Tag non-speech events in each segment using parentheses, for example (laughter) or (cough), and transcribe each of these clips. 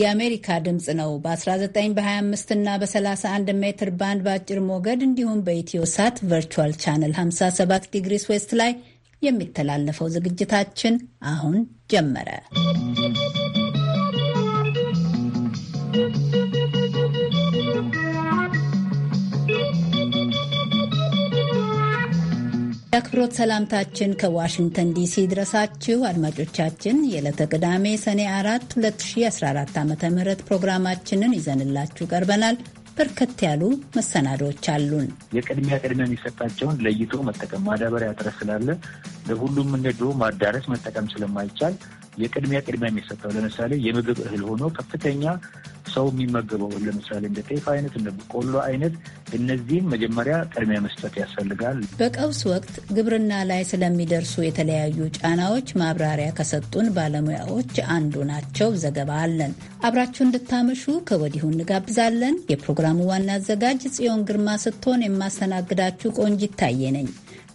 የአሜሪካ ድምፅ ነው። በ19 በ25 እና በ31 ሜትር ባንድ በአጭር ሞገድ እንዲሁም በኢትዮ ሳት ቨርቹዋል ቻነል 57 ዲግሪስ ዌስት ላይ የሚተላለፈው ዝግጅታችን አሁን ጀመረ። የአክብሮት ሰላምታችን ከዋሽንግተን ዲሲ ድረሳችሁ አድማጮቻችን። የዕለተ ቅዳሜ ሰኔ 4 2014 ዓ ም ፕሮግራማችንን ይዘንላችሁ ቀርበናል። በርከት ያሉ መሰናዶዎች አሉን። የቅድሚያ ቅድሚያ የሚሰጣቸውን ለይቶ መጠቀም ማዳበሪያ እጥረት ስላለ ለሁሉም እንደ ድሮ ማዳረስ መጠቀም ስለማይቻል የቅድሚያ ቅድሚያ የሚሰጠው ለምሳሌ የምግብ እህል ሆኖ ከፍተኛ ሰው የሚመገበው ለምሳሌ እንደ ጤፍ አይነት እንደ በቆሎ አይነት እነዚህም መጀመሪያ ቅድሚያ መስጠት ያስፈልጋል። በቀውስ ወቅት ግብርና ላይ ስለሚደርሱ የተለያዩ ጫናዎች ማብራሪያ ከሰጡን ባለሙያዎች አንዱ ናቸው። ዘገባ አለን። አብራችሁ እንድታመሹ ከወዲሁ እንጋብዛለን። የፕሮግራሙ ዋና አዘጋጅ ጽዮን ግርማ ስትሆን የማስተናግዳችሁ ቆንጂት ታየ ነኝ።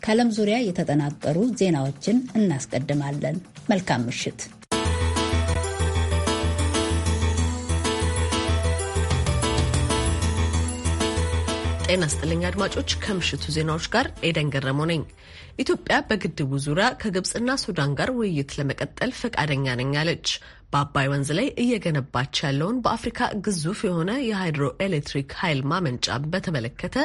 ከዓለም ዙሪያ የተጠናቀሩ ዜናዎችን እናስቀድማለን። መልካም ምሽት። ጤና ስጥልኝ አድማጮች፣ ከምሽቱ ዜናዎች ጋር ኤደን ገረሞ ነኝ። ኢትዮጵያ በግድቡ ዙሪያ ከግብፅና ሱዳን ጋር ውይይት ለመቀጠል ፈቃደኛ ነኝ አለች። በአባይ ወንዝ ላይ እየገነባች ያለውን በአፍሪካ ግዙፍ የሆነ የሃይድሮ ኤሌክትሪክ ኃይል ማመንጫ በተመለከተ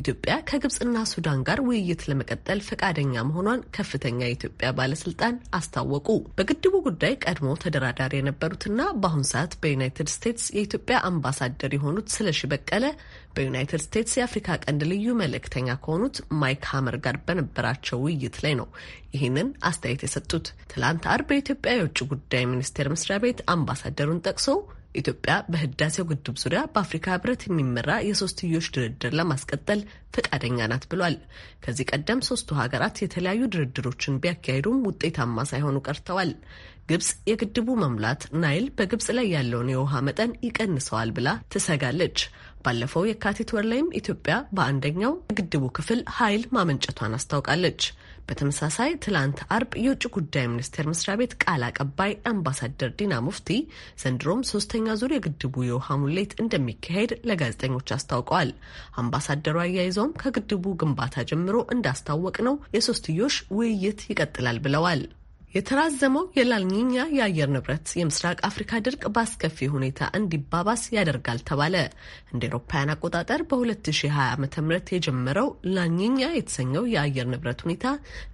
ኢትዮጵያ ከግብፅና ሱዳን ጋር ውይይት ለመቀጠል ፈቃደኛ መሆኗን ከፍተኛ የኢትዮጵያ ባለስልጣን አስታወቁ። በግድቡ ጉዳይ ቀድሞ ተደራዳሪ የነበሩትና በአሁኑ ሰዓት በዩናይትድ ስቴትስ የኢትዮጵያ አምባሳደር የሆኑት ስለሺ በቀለ በዩናይትድ ስቴትስ የአፍሪካ ቀንድ ልዩ መልእክተኛ ከሆኑት ማይክ ሀመር ጋር በነበራቸው ውይይት ላይ ነው ይህንን አስተያየት የሰጡት። ትላንት አርብ በኢትዮጵያ የውጭ ጉዳይ ሚኒስቴር መስሪያ ቤት አምባሳደሩን ጠቅሶ ኢትዮጵያ በህዳሴው ግድብ ዙሪያ በአፍሪካ ህብረት የሚመራ የሶስትዮሽ ድርድር ለማስቀጠል ፈቃደኛ ናት ብሏል። ከዚህ ቀደም ሶስቱ ሀገራት የተለያዩ ድርድሮችን ቢያካሂዱም ውጤታማ ሳይሆኑ ቀርተዋል። ግብጽ የግድቡ መሙላት ናይል በግብጽ ላይ ያለውን የውሃ መጠን ይቀንሰዋል ብላ ትሰጋለች። ባለፈው የካቲት ወር ላይም ኢትዮጵያ በአንደኛው የግድቡ ክፍል ኃይል ማመንጨቷን አስታውቃለች። በተመሳሳይ ትላንት አርብ የውጭ ጉዳይ ሚኒስቴር መስሪያ ቤት ቃል አቀባይ አምባሳደር ዲና ሙፍቲ ዘንድሮም ሶስተኛ ዙር የግድቡ የውሃ ሙሌት እንደሚካሄድ ለጋዜጠኞች አስታውቀዋል። አምባሳደሩ አያይዘውም ከግድቡ ግንባታ ጀምሮ እንዳስታወቅ ነው የሶስትዮሽ ውይይት ይቀጥላል ብለዋል። የተራዘመው የላልኒኛ የአየር ንብረት የምስራቅ አፍሪካ ድርቅ በአስከፊ ሁኔታ እንዲባባስ ያደርጋል ተባለ። እንደ ኤሮፓያን አቆጣጠር በ2020 ዓ ም የጀመረው ላልኒኛ የተሰኘው የአየር ንብረት ሁኔታ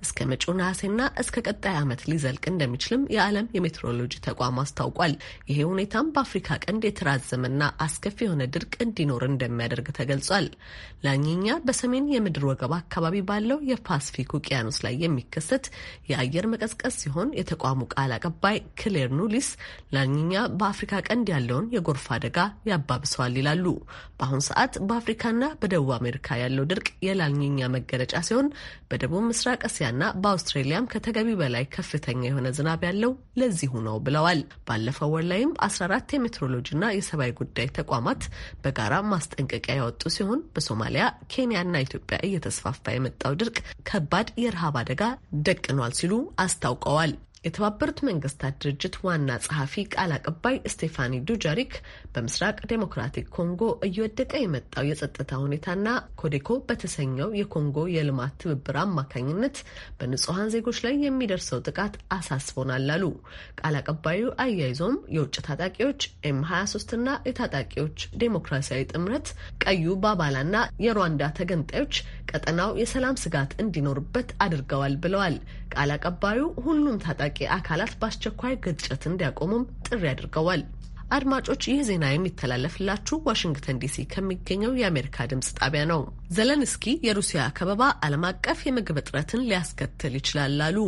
እስከ መጪው ነሐሴና እስከ ቀጣይ ዓመት ሊዘልቅ እንደሚችልም የዓለም የሜትሮሎጂ ተቋም አስታውቋል። ይሄ ሁኔታም በአፍሪካ ቀንድ የተራዘመና አስከፊ የሆነ ድርቅ እንዲኖር እንደሚያደርግ ተገልጿል። ላልኒኛ በሰሜን የምድር ወገብ አካባቢ ባለው የፓስፊክ ውቅያኖስ ላይ የሚከሰት የአየር መቀዝቀዝ ሲሆን የተቋሙ ቃል አቀባይ ክሌር ኑሊስ ላኛ በአፍሪካ ቀንድ ያለውን የጎርፍ አደጋ ያባብሰዋል ይላሉ። በአሁን ሰዓት በአፍሪካና በደቡብ አሜሪካ ያለው ድርቅ የላኒኛ መገለጫ ሲሆን በደቡብ ምስራቅ እስያና በአውስትሬሊያም ከተገቢ በላይ ከፍተኛ የሆነ ዝናብ ያለው ለዚሁ ነው ብለዋል። ባለፈው ወር ላይም 14 የሜትሮሎጂና የሰብአዊ ጉዳይ ተቋማት በጋራ ማስጠንቀቂያ ያወጡ ሲሆን በሶማሊያ ኬንያና ኢትዮጵያ እየተስፋፋ የመጣው ድርቅ ከባድ የረሃብ አደጋ ደቅኗል ሲሉ አስታውቀዋል። الأول የተባበሩት መንግስታት ድርጅት ዋና ጸሐፊ ቃል አቀባይ ስቴፋኒ ዱጃሪክ በምስራቅ ዴሞክራቲክ ኮንጎ እየወደቀ የመጣው የጸጥታ ሁኔታና ኮዴኮ በተሰኘው የኮንጎ የልማት ትብብር አማካኝነት በንጹሐን ዜጎች ላይ የሚደርሰው ጥቃት አሳስቦናል አሉ። ቃል አቀባዩ አያይዞም የውጭ ታጣቂዎች ኤም 23ና የታጣቂዎች ዴሞክራሲያዊ ጥምረት ቀዩ ባባላና የሩዋንዳ ተገንጣዮች ቀጠናው የሰላም ስጋት እንዲኖርበት አድርገዋል ብለዋል። ቃል አቀባዩ ሁሉም ታጣ ታጣቂ አካላት በአስቸኳይ ግጭት እንዲያቆሙም ጥሪ አድርገዋል። አድማጮች ይህ ዜና የሚተላለፍላችሁ ዋሽንግተን ዲሲ ከሚገኘው የአሜሪካ ድምጽ ጣቢያ ነው። ዘለንስኪ የሩሲያ ከበባ ዓለም አቀፍ የምግብ እጥረትን ሊያስከትል ይችላል ላሉ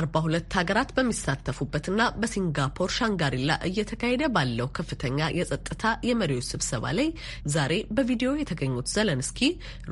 አርባ ሁለት ሀገራት በሚሳተፉበትና በሲንጋፖር ሻንጋሪላ እየተካሄደ ባለው ከፍተኛ የጸጥታ የመሪዎች ስብሰባ ላይ ዛሬ በቪዲዮ የተገኙት ዘለንስኪ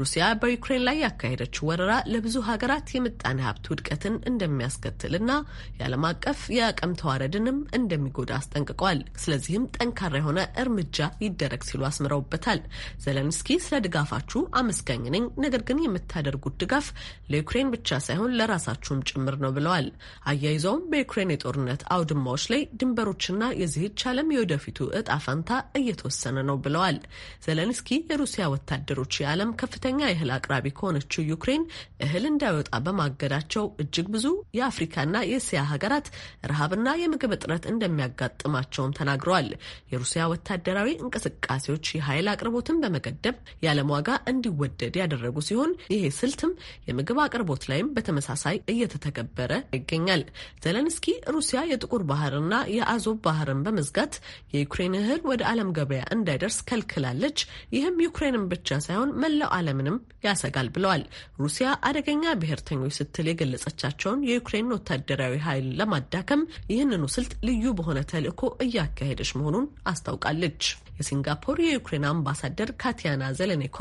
ሩሲያ በዩክሬን ላይ ያካሄደችው ወረራ ለብዙ ሀገራት የምጣኔ ሀብት ውድቀትን እንደሚያስከትልና የዓለም አቀፍ የአቅም ተዋረድንም እንደሚጎዳ አስጠንቅቋል። ስለዚህም ጠንካራ የሆነ እርምጃ ይደረግ ሲሉ አስምረውበታል። ዘለንስኪ ስለ ድጋፋችሁ አመስጋኝ ነኝ፣ ነገር ግን የምታደርጉት ድጋፍ ለዩክሬን ብቻ ሳይሆን ለራሳችሁም ጭምር ነው ብለዋል። አያይዘውም በዩክሬን የጦርነት አውድማዎች ላይ ድንበሮችና የዚህች ዓለም የወደፊቱ እጣ ፈንታ እየተወሰነ ነው ብለዋል። ዘለንስኪ የሩሲያ ወታደሮች የዓለም ከፍተኛ የእህል አቅራቢ ከሆነችው ዩክሬን እህል እንዳይወጣ በማገዳቸው እጅግ ብዙ የአፍሪካና የእስያ ሀገራት ረሃብና የምግብ እጥረት እንደሚያጋጥማቸውም ተናግረዋል። የሩሲያ ወታደራዊ እንቅስቃሴዎች የኃይል አቅርቦትን በመገደብ የዓለም ዋጋ እንዲወደድ ያደረጉ ሲሆን ይሄ ስልትም የምግብ አቅርቦት ላይም በተመሳሳይ እየተተገበረ ይገኛል። ዘለንስኪ ሩሲያ የጥቁር ባህርና የአዞብ ባህርን በመዝጋት የዩክሬን እህል ወደ ዓለም ገበያ እንዳይደርስ ከልክላለች፣ ይህም ዩክሬንን ብቻ ሳይሆን መላው ዓለምንም ያሰጋል ብለዋል። ሩሲያ አደገኛ ብሔርተኞች ስትል የገለጸቻቸውን የዩክሬን ወታደራዊ ኃይል ለማዳከም ይህንኑ ስልት ልዩ በሆነ ተልዕኮ እያካሄደች መሆኑ መሆኑን አስታውቃለች። የሲንጋፖር የዩክሬን አምባሳደር ካቲያና ዘለኔኮ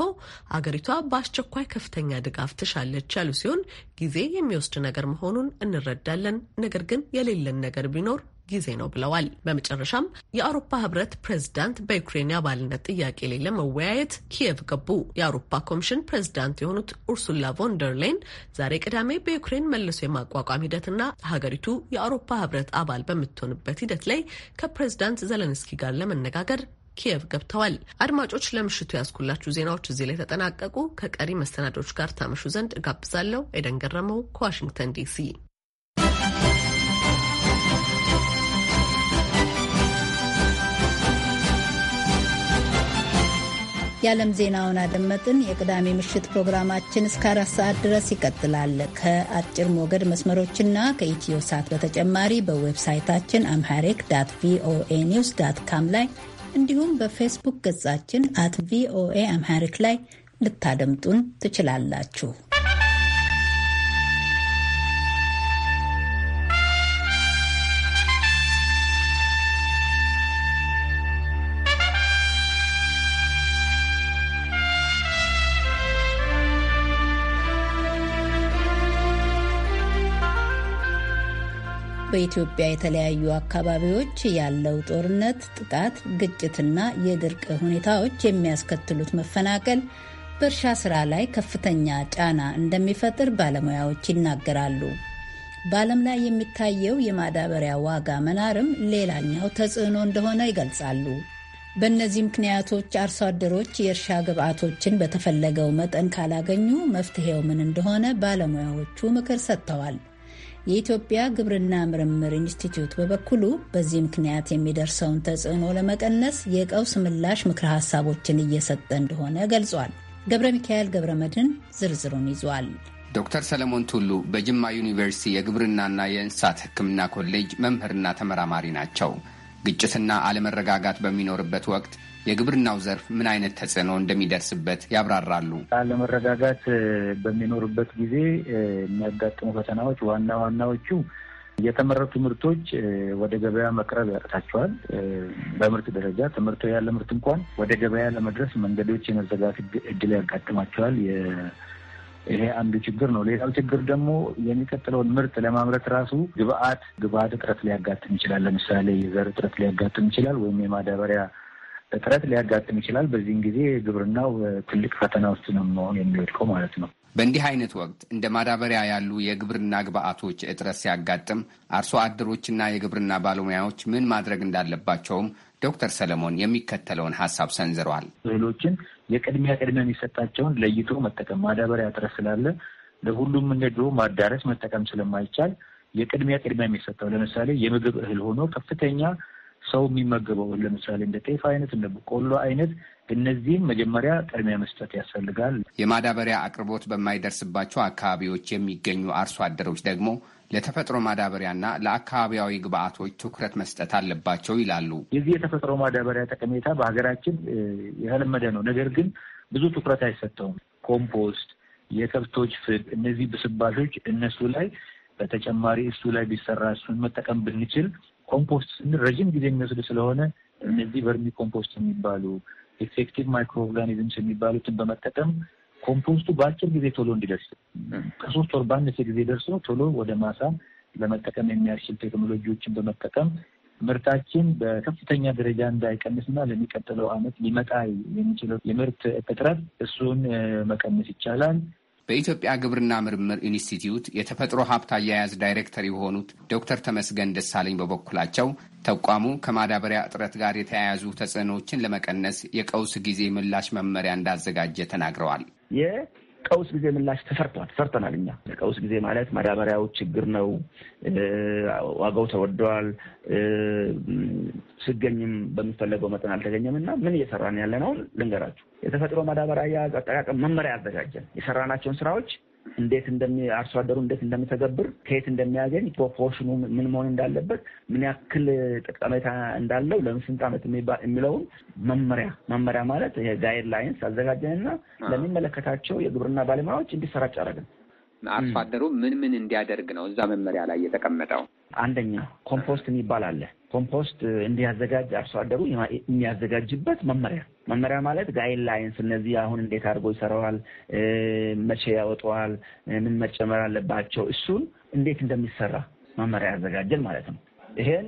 አገሪቷ በአስቸኳይ ከፍተኛ ድጋፍ ትሻለች ያሉ ሲሆን ጊዜ የሚወስድ ነገር መሆኑን እንረዳለን፣ ነገር ግን የሌለን ነገር ቢኖር ጊዜ ነው ብለዋል። በመጨረሻም የአውሮፓ ህብረት ፕሬዝዳንት በዩክሬን የአባልነት ጥያቄ ላይ ለመወያየት ኪየቭ ገቡ። የአውሮፓ ኮሚሽን ፕሬዝዳንት የሆኑት ኡርሱላ ቮንደር ላይን ዛሬ ቅዳሜ በዩክሬን መልሶ የማቋቋም ሂደትና ሀገሪቱ የአውሮፓ ህብረት አባል በምትሆንበት ሂደት ላይ ከፕሬዝዳንት ዘለንስኪ ጋር ለመነጋገር ኪየቭ ገብተዋል። አድማጮች ለምሽቱ ያስኩላችሁ ዜናዎች እዚህ ላይ ተጠናቀቁ። ከቀሪ መሰናዶች ጋር ታመሹ ዘንድ እጋብዛለሁ። ኤደን ገረመው ከዋሽንግተን ዲሲ የዓለም ዜናውን አደመጥን። የቅዳሜ ምሽት ፕሮግራማችን እስከ አራት ሰዓት ድረስ ይቀጥላል። ከአጭር ሞገድ መስመሮችና ከኢትዮ ሳት በተጨማሪ በዌብሳይታችን አምሐሪክ ዳት ቪኦኤ ኒውስ ዳት ካም ላይ እንዲሁም በፌስቡክ ገጻችን አት ቪኦኤ አምሐሪክ ላይ ልታደምጡን ትችላላችሁ። በኢትዮጵያ የተለያዩ አካባቢዎች ያለው ጦርነት፣ ጥቃት፣ ግጭትና የድርቅ ሁኔታዎች የሚያስከትሉት መፈናቀል በእርሻ ስራ ላይ ከፍተኛ ጫና እንደሚፈጥር ባለሙያዎች ይናገራሉ። በዓለም ላይ የሚታየው የማዳበሪያ ዋጋ መናርም ሌላኛው ተጽዕኖ እንደሆነ ይገልጻሉ። በእነዚህ ምክንያቶች አርሶ አደሮች የእርሻ ግብዓቶችን በተፈለገው መጠን ካላገኙ መፍትሄው ምን እንደሆነ ባለሙያዎቹ ምክር ሰጥተዋል። የኢትዮጵያ ግብርና ምርምር ኢንስቲትዩት በበኩሉ በዚህ ምክንያት የሚደርሰውን ተጽዕኖ ለመቀነስ የቀውስ ምላሽ ምክረ ሀሳቦችን እየሰጠ እንደሆነ ገልጿል። ገብረ ሚካኤል ገብረ መድህን ዝርዝሩን ይዟል። ዶክተር ሰለሞን ቱሉ በጅማ ዩኒቨርሲቲ የግብርናና የእንስሳት ሕክምና ኮሌጅ መምህርና ተመራማሪ ናቸው። ግጭትና አለመረጋጋት በሚኖርበት ወቅት የግብርናው ዘርፍ ምን አይነት ተጽዕኖ እንደሚደርስበት ያብራራሉ። አለመረጋጋት በሚኖርበት ጊዜ የሚያጋጥሙ ፈተናዎች ዋና ዋናዎቹ የተመረቱ ምርቶች ወደ ገበያ መቅረብ ያቅታቸዋል። በምርት ደረጃ ተመርቶ ያለ ምርት እንኳን ወደ ገበያ ለመድረስ መንገዶች የመዘጋት እድል ያጋጥማቸዋል። ይሄ አንዱ ችግር ነው። ሌላው ችግር ደግሞ የሚቀጥለውን ምርት ለማምረት ራሱ ግብአት ግብአት እጥረት ሊያጋጥም ይችላል። ለምሳሌ የዘር እጥረት ሊያጋጥም ይችላል ወይም የማዳበሪያ እጥረት ሊያጋጥም ይችላል። በዚህም ጊዜ ግብርናው ትልቅ ፈተና ውስጥ ነው መሆን የሚወድቀው ማለት ነው። በእንዲህ አይነት ወቅት እንደ ማዳበሪያ ያሉ የግብርና ግብአቶች እጥረት ሲያጋጥም አርሶ አደሮችና የግብርና ባለሙያዎች ምን ማድረግ እንዳለባቸውም ዶክተር ሰለሞን የሚከተለውን ሀሳብ ሰንዝረዋል። እህሎችን የቅድሚያ ቅድሚያ የሚሰጣቸውን ለይቶ መጠቀም ማዳበሪያ እጥረት ስላለ ለሁሉም እንደ ድሮ ማዳረስ መጠቀም ስለማይቻል የቅድሚያ ቅድሚያ የሚሰጠው ለምሳሌ የምግብ እህል ሆኖ ከፍተኛ ሰው የሚመገበው ለምሳሌ እንደ ጤፍ አይነት እንደ በቆሎ አይነት እነዚህም መጀመሪያ ቅድሚያ መስጠት ያስፈልጋል። የማዳበሪያ አቅርቦት በማይደርስባቸው አካባቢዎች የሚገኙ አርሶ አደሮች ደግሞ ለተፈጥሮ ማዳበሪያና ለአካባቢያዊ ግብአቶች ትኩረት መስጠት አለባቸው ይላሉ። የዚህ የተፈጥሮ ማዳበሪያ ጠቀሜታ በሀገራችን የተለመደ ነው። ነገር ግን ብዙ ትኩረት አይሰጠውም። ኮምፖስት፣ የከብቶች ፍግ፣ እነዚህ ብስባሾች እነሱ ላይ በተጨማሪ እሱ ላይ ቢሰራ እሱን መጠቀም ብንችል ኮምፖስት ስንል ረዥም ጊዜ የሚወስድ ስለሆነ እነዚህ በርሚ ኮምፖስት የሚባሉ ኤፌክቲቭ ማይክሮ ኦርጋኒዝምስ የሚባሉትን በመጠቀም ኮምፖስቱ በአጭር ጊዜ ቶሎ እንዲደርስ ከሶስት ወር ባነሰ ጊዜ ደርሶ ቶሎ ወደ ማሳ ለመጠቀም የሚያስችል ቴክኖሎጂዎችን በመጠቀም ምርታችን በከፍተኛ ደረጃ እንዳይቀንስና ለሚቀጥለው ዓመት ሊመጣ የሚችለው የምርት እጥረት እሱን መቀነስ ይቻላል። በኢትዮጵያ ግብርና ምርምር ኢንስቲትዩት የተፈጥሮ ሀብት አያያዝ ዳይሬክተር የሆኑት ዶክተር ተመስገን ደሳለኝ በበኩላቸው ተቋሙ ከማዳበሪያ እጥረት ጋር የተያያዙ ተጽዕኖዎችን ለመቀነስ የቀውስ ጊዜ ምላሽ መመሪያ እንዳዘጋጀ ተናግረዋል። ቀውስ ጊዜ ምላሽ ተሰርተዋል ሰርተናል። እኛ ቀውስ ጊዜ ማለት ማዳበሪያው ችግር ነው፣ ዋጋው ተወደዋል፣ ስገኝም በሚፈለገው መጠን አልተገኘም እና ምን እየሰራን ያለን አሁን ልንገራችሁ። የተፈጥሮ ማዳበሪያ አያያዝ አጠቃቀም መመሪያ አዘጋጀን። የሰራናቸውን ስራዎች እንዴት እንደሚ አርሶ አደሩ እንዴት እንደሚተገብር ከየት እንደሚያገኝ ፕሮፖርሽኑ ምን መሆን እንዳለበት ምን ያክል ጠቀሜታ እንዳለው ለምን ዓመት የሚለውን መመሪያ መመሪያ ማለት የጋይድላይንስ ላይንስ አዘጋጀንና ለሚመለከታቸው የግብርና ባለሙያዎች እንዲሰራጭ አደረግን። አርሶ አደሩ ምን ምን እንዲያደርግ ነው እዛ መመሪያ ላይ የተቀመጠው? አንደኛ ኮምፖስት የሚባል አለ። ኮምፖስት እንዲያዘጋጅ አርሶ አደሩ የሚያዘጋጅበት መመሪያ መመሪያ ማለት ጋይድ ላይንስ እነዚህ አሁን እንዴት አድርጎ ይሰራዋል፣ መቼ ያወጠዋል፣ ምን መጨመር አለባቸው፣ እሱን እንዴት እንደሚሰራ መመሪያ ያዘጋጀን ማለት ነው። ይሄን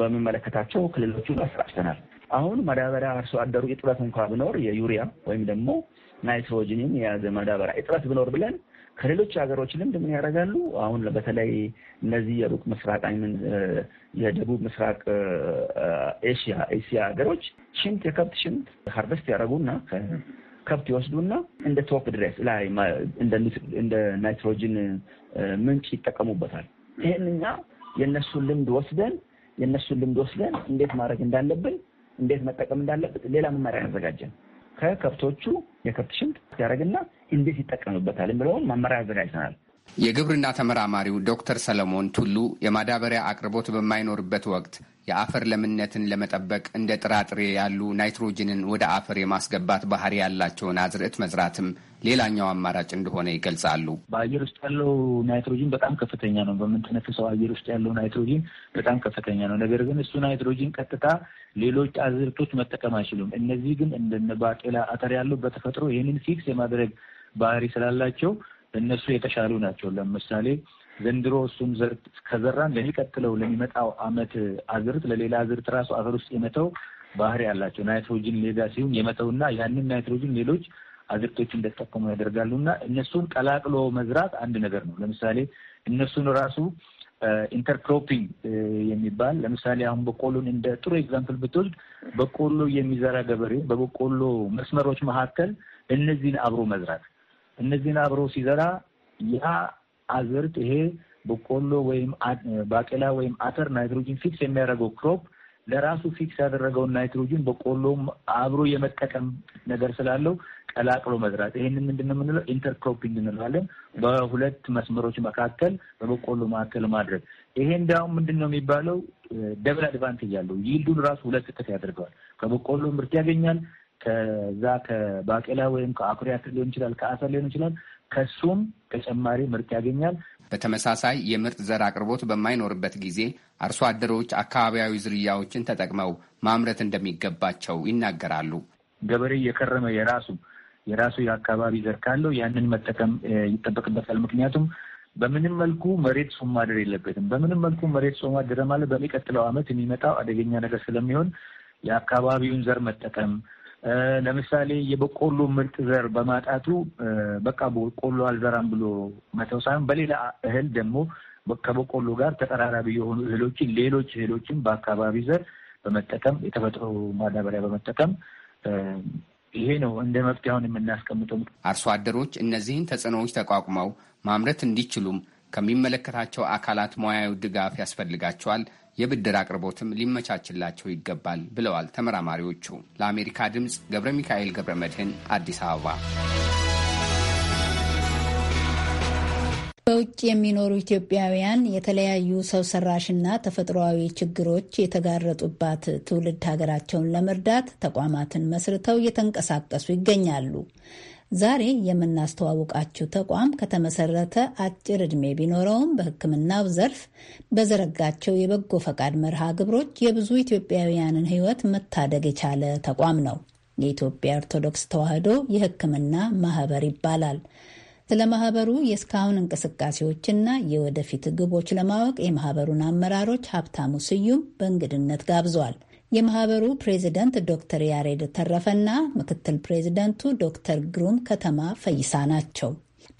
በሚመለከታቸው ክልሎቹ አሰራጭተናል። አሁን ማዳበሪያ አርሶ አደሩ እጥረት እንኳ ቢኖር የዩሪያ ወይም ደግሞ ናይትሮጅንን የያዘ ማዳበሪያ እጥረት ቢኖር ብለን ከሌሎች ሀገሮች ልምድ ምን ያደርጋሉ? አሁን በተለይ እነዚህ የሩቅ ምስራቅ አይምን የደቡብ ምስራቅ ኤሽያ ኤሲያ ሀገሮች ሽንት የከብት ሽንት ሀርቨስት ያደረጉና ከብት ይወስዱና እንደ ቶፕ ድሬስ ላይ እንደ ናይትሮጅን ምንጭ ይጠቀሙበታል። ይህን እኛ የእነሱን ልምድ ወስደን የእነሱን ልምድ ወስደን እንዴት ማድረግ እንዳለብን እንዴት መጠቀም እንዳለብን ሌላ መመሪያ ያዘጋጀን ከከብቶቹ የከብት ሽንት ያደረግና እንዴት ይጠቀምበታል የሚለውን መመሪያ አዘጋጅተናል። የግብርና ተመራማሪው ዶክተር ሰለሞን ቱሉ የማዳበሪያ አቅርቦት በማይኖርበት ወቅት የአፈር ለምነትን ለመጠበቅ እንደ ጥራጥሬ ያሉ ናይትሮጅንን ወደ አፈር የማስገባት ባህሪ ያላቸውን አዝርዕት መዝራትም ሌላኛው አማራጭ እንደሆነ ይገልጻሉ። በአየር ውስጥ ያለው ናይትሮጂን በጣም ከፍተኛ ነው። በምንተነፍሰው አየር ውስጥ ያለው ናይትሮጂን በጣም ከፍተኛ ነው። ነገር ግን እሱ ናይትሮጂን ቀጥታ ሌሎች አዝርቶች መጠቀም አይችሉም። እነዚህ ግን እንደነ ባቄላ፣ አተር ያለው በተፈጥሮ ይህንን ፊክስ የማድረግ ባህሪ ስላላቸው እነሱ የተሻሉ ናቸው። ለምሳሌ ዘንድሮ እሱን ዘርት ከዘራን ለሚቀጥለው ለሚመጣው አመት አዝርት ለሌላ አዝርት ራሱ አፈር ውስጥ የመተው ባህሪ ያላቸው ናይትሮጂን ሲሆን የመተውና ያንን ናይትሮጂን ሌሎች አዝርቶች እንደተጠቀሙ ያደርጋሉ እና እነሱን ቀላቅሎ መዝራት አንድ ነገር ነው። ለምሳሌ እነሱን ራሱ ኢንተርክሮፒንግ የሚባል ለምሳሌ አሁን በቆሎን እንደ ጥሩ ኤግዛምፕል ብትወስድ በቆሎ የሚዘራ ገበሬ በበቆሎ መስመሮች መካከል እነዚህን አብሮ መዝራት እነዚህን አብሮ ሲዘራ ያ አዝርት ይሄ በቆሎ ወይም ባቄላ ወይም አተር ናይትሮጂን ፊክስ የሚያደርገው ክሮፕ ለራሱ ፊክስ ያደረገውን ናይትሮጂን በቆሎም አብሮ የመጠቀም ነገር ስላለው ቀላቅሎ መዝራት። ይህን ምንድን ነው የምንለው? ኢንተርክሮፒንግ እንለዋለን። በሁለት መስመሮች መካከል በበቆሎ መካከል ማድረግ። ይሄ እንዲያውም ምንድን ነው የሚባለው? ደብል አድቫንቴጅ ያለው ይልዱን ራሱ ሁለት እጥፍ ያደርገዋል። ከበቆሎ ምርት ያገኛል። ከዛ ከባቄላ ወይም ከአኩሪ አተር ሊሆን ይችላል፣ ከአሰር ሊሆን ይችላል። ከሱም ተጨማሪ ምርት ያገኛል። በተመሳሳይ የምርጥ ዘር አቅርቦት በማይኖርበት ጊዜ አርሶ አደሮች አካባቢያዊ ዝርያዎችን ተጠቅመው ማምረት እንደሚገባቸው ይናገራሉ። ገበሬ የከረመ የራሱ የራሱ የአካባቢ ዘር ካለው ያንን መጠቀም ይጠበቅበታል። ምክንያቱም በምንም መልኩ መሬት ሶም ማደር የለበትም። በምንም መልኩ መሬት ሶም ማለት በሚቀጥለው ዓመት የሚመጣው አደገኛ ነገር ስለሚሆን የአካባቢውን ዘር መጠቀም ለምሳሌ የበቆሎ ምርጥ ዘር በማጣቱ በቃ በቆሎ አልዘራም ብሎ መተው ሳይሆን በሌላ እህል ደግሞ ከበቆሎ ጋር ተቀራራቢ የሆኑ እህሎችን ሌሎች እህሎችን በአካባቢ ዘር በመጠቀም የተፈጥሮ ማዳበሪያ በመጠቀም ይሄ ነው እንደ አሁን የምናስቀምጠው። አርሶ አደሮች እነዚህን ተጽዕኖዎች ተቋቁመው ማምረት እንዲችሉም ከሚመለከታቸው አካላት ሙያዊ ድጋፍ ያስፈልጋቸዋል። የብድር አቅርቦትም ሊመቻችላቸው ይገባል ብለዋል ተመራማሪዎቹ። ለአሜሪካ ድምፅ ገብረ ሚካኤል ገብረ መድህን አዲስ አበባ በውጭ የሚኖሩ ኢትዮጵያውያን የተለያዩ ሰው ሰራሽና ተፈጥሯዊ ችግሮች የተጋረጡባት ትውልድ ሀገራቸውን ለመርዳት ተቋማትን መስርተው እየተንቀሳቀሱ ይገኛሉ። ዛሬ የምናስተዋውቃችሁ ተቋም ከተመሰረተ አጭር ዕድሜ ቢኖረውም በሕክምናው ዘርፍ በዘረጋቸው የበጎ ፈቃድ መርሃ ግብሮች የብዙ ኢትዮጵያውያንን ሕይወት መታደግ የቻለ ተቋም ነው። የኢትዮጵያ ኦርቶዶክስ ተዋሕዶ የሕክምና ማህበር ይባላል። ስለ ማህበሩ የእስካሁን እንቅስቃሴዎችና የወደፊት ግቦች ለማወቅ የማህበሩን አመራሮች ሀብታሙ ስዩም በእንግድነት ጋብዟል። የማህበሩ ፕሬዚደንት ዶክተር ያሬድ ተረፈና ምክትል ፕሬዚደንቱ ዶክተር ግሩም ከተማ ፈይሳ ናቸው።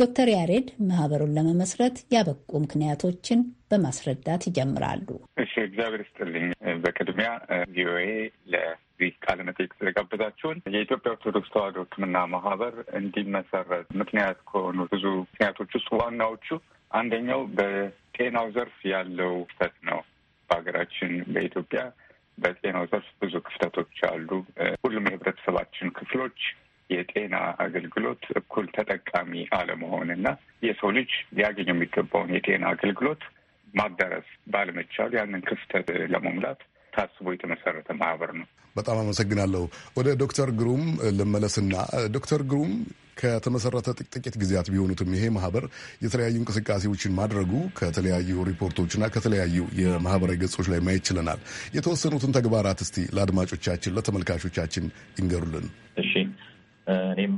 ዶክተር ያሬድ ማህበሩን ለመመስረት ያበቁ ምክንያቶችን በማስረዳት ይጀምራሉ። እሺ፣ እግዚአብሔር ይስጥልኝ። በቅድሚያ ቪኦኤ ለዚህ ቃለ መጠይቅ ስለጋበዛችሁን የኢትዮጵያ ኦርቶዶክስ ተዋሕዶ ሕክምና ማህበር እንዲመሰረት ምክንያት ከሆኑ ብዙ ምክንያቶች ውስጥ ዋናዎቹ አንደኛው በጤናው ዘርፍ ያለው ክፍተት ነው። በሀገራችን በኢትዮጵያ በጤናው ዘርፍ ብዙ ክፍተቶች አሉ። ሁሉም የህብረተሰባችን ክፍሎች የጤና አገልግሎት እኩል ተጠቃሚ አለመሆን እና የሰው ልጅ ሊያገኘው የሚገባውን የጤና አገልግሎት ማዳረስ ባለመቻል ያንን ክፍተት ለመሙላት ታስቦ የተመሰረተ ማህበር ነው። በጣም አመሰግናለሁ። ወደ ዶክተር ግሩም ልመለስና ዶክተር ግሩም ከተመሰረተ ጥቂት ጊዜያት ቢሆኑትም ይሄ ማህበር የተለያዩ እንቅስቃሴዎችን ማድረጉ ከተለያዩ ሪፖርቶችና ከተለያዩ የማህበራዊ ገጾች ላይ ማየት ችለናል። የተወሰኑትን ተግባራት እስቲ ለአድማጮቻችን ለተመልካቾቻችን ይንገሩልን። እሺ እኔም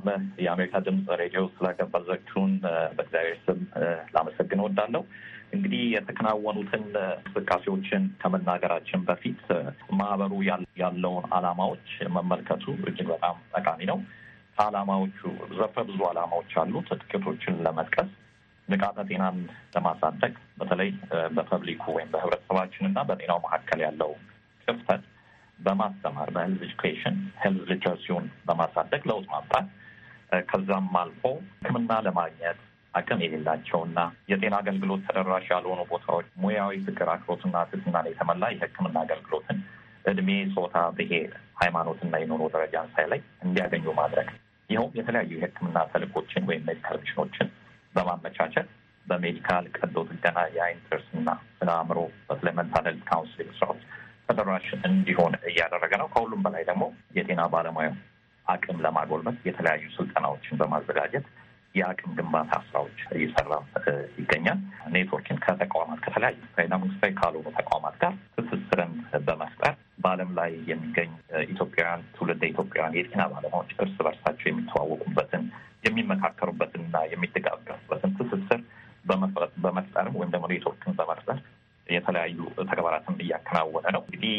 የአሜሪካ ድምፅ ሬዲዮ ስላጋበዛችሁን በእግዚአብሔር ስም ላመሰግን እወዳለሁ። እንግዲህ የተከናወኑትን እንቅስቃሴዎችን ከመናገራችን በፊት ማህበሩ ያለውን አላማዎች መመልከቱ እጅግ በጣም ጠቃሚ ነው። ከአላማዎቹ ዘርፈ ብዙ አላማዎች አሉት። ጥቂቶችን ለመጥቀስ ንቃተ ጤናን ለማሳደግ በተለይ በፐብሊኩ ወይም በህብረተሰባችን እና በጤናው መካከል ያለው ክፍተት በማስተማር በሄልዝ ኤጁኬሽን ሄልዝ ሊትራሲውን በማሳደግ ለውጥ ማምጣት ከዛም አልፎ ሕክምና ለማግኘት አቅም የሌላቸው የሌላቸውና የጤና አገልግሎት ተደራሽ ያልሆኑ ቦታዎች ሙያዊ ፍቅር፣ አክብሮትና ትህትናን የተመላ የሕክምና አገልግሎትን እድሜ፣ ጾታ፣ ብሄር፣ ሃይማኖትና የኑሮ ደረጃን ሳይለይ እንዲያገኙ ማድረግ ይኸውም የተለያዩ የሕክምና ተልእኮችን ወይም ሜዲካል ሚሽኖችን በማመቻቸት በሜዲካል ቀዶ ጥገና፣ የአይን ጥርስና ስለ አእምሮ በተለይ ሜንታል ካውንስሊንግ ስራዎች ተደራሽ እንዲሆን እያደረገ ነው። ከሁሉም በላይ ደግሞ የጤና ባለሙያ አቅም ለማጎልበት የተለያዩ ስልጠናዎችን በማዘጋጀት የአቅም ግንባታ ስራዎች እየሰራ ይገኛል። ኔትወርኪን ከተቋማት ከተለያዩ ና መንግስታዊ ካልሆኑ ተቋማት ጋር ትስስርን በመፍጠር በዓለም ላይ የሚገኝ ኢትዮጵያውያን ትውልደ ኢትዮጵያውያን የጤና ባለሙያዎች እርስ በርሳቸው የሚተዋወቁበትን የሚመካከሩበትንና የሚደጋገፉበትን ትስስር በመፍጠርም ወይም ደግሞ ኔትወርክን በመፍጠር የተለያዩ ተግባራትን እያከናወነ ነው። እንግዲህ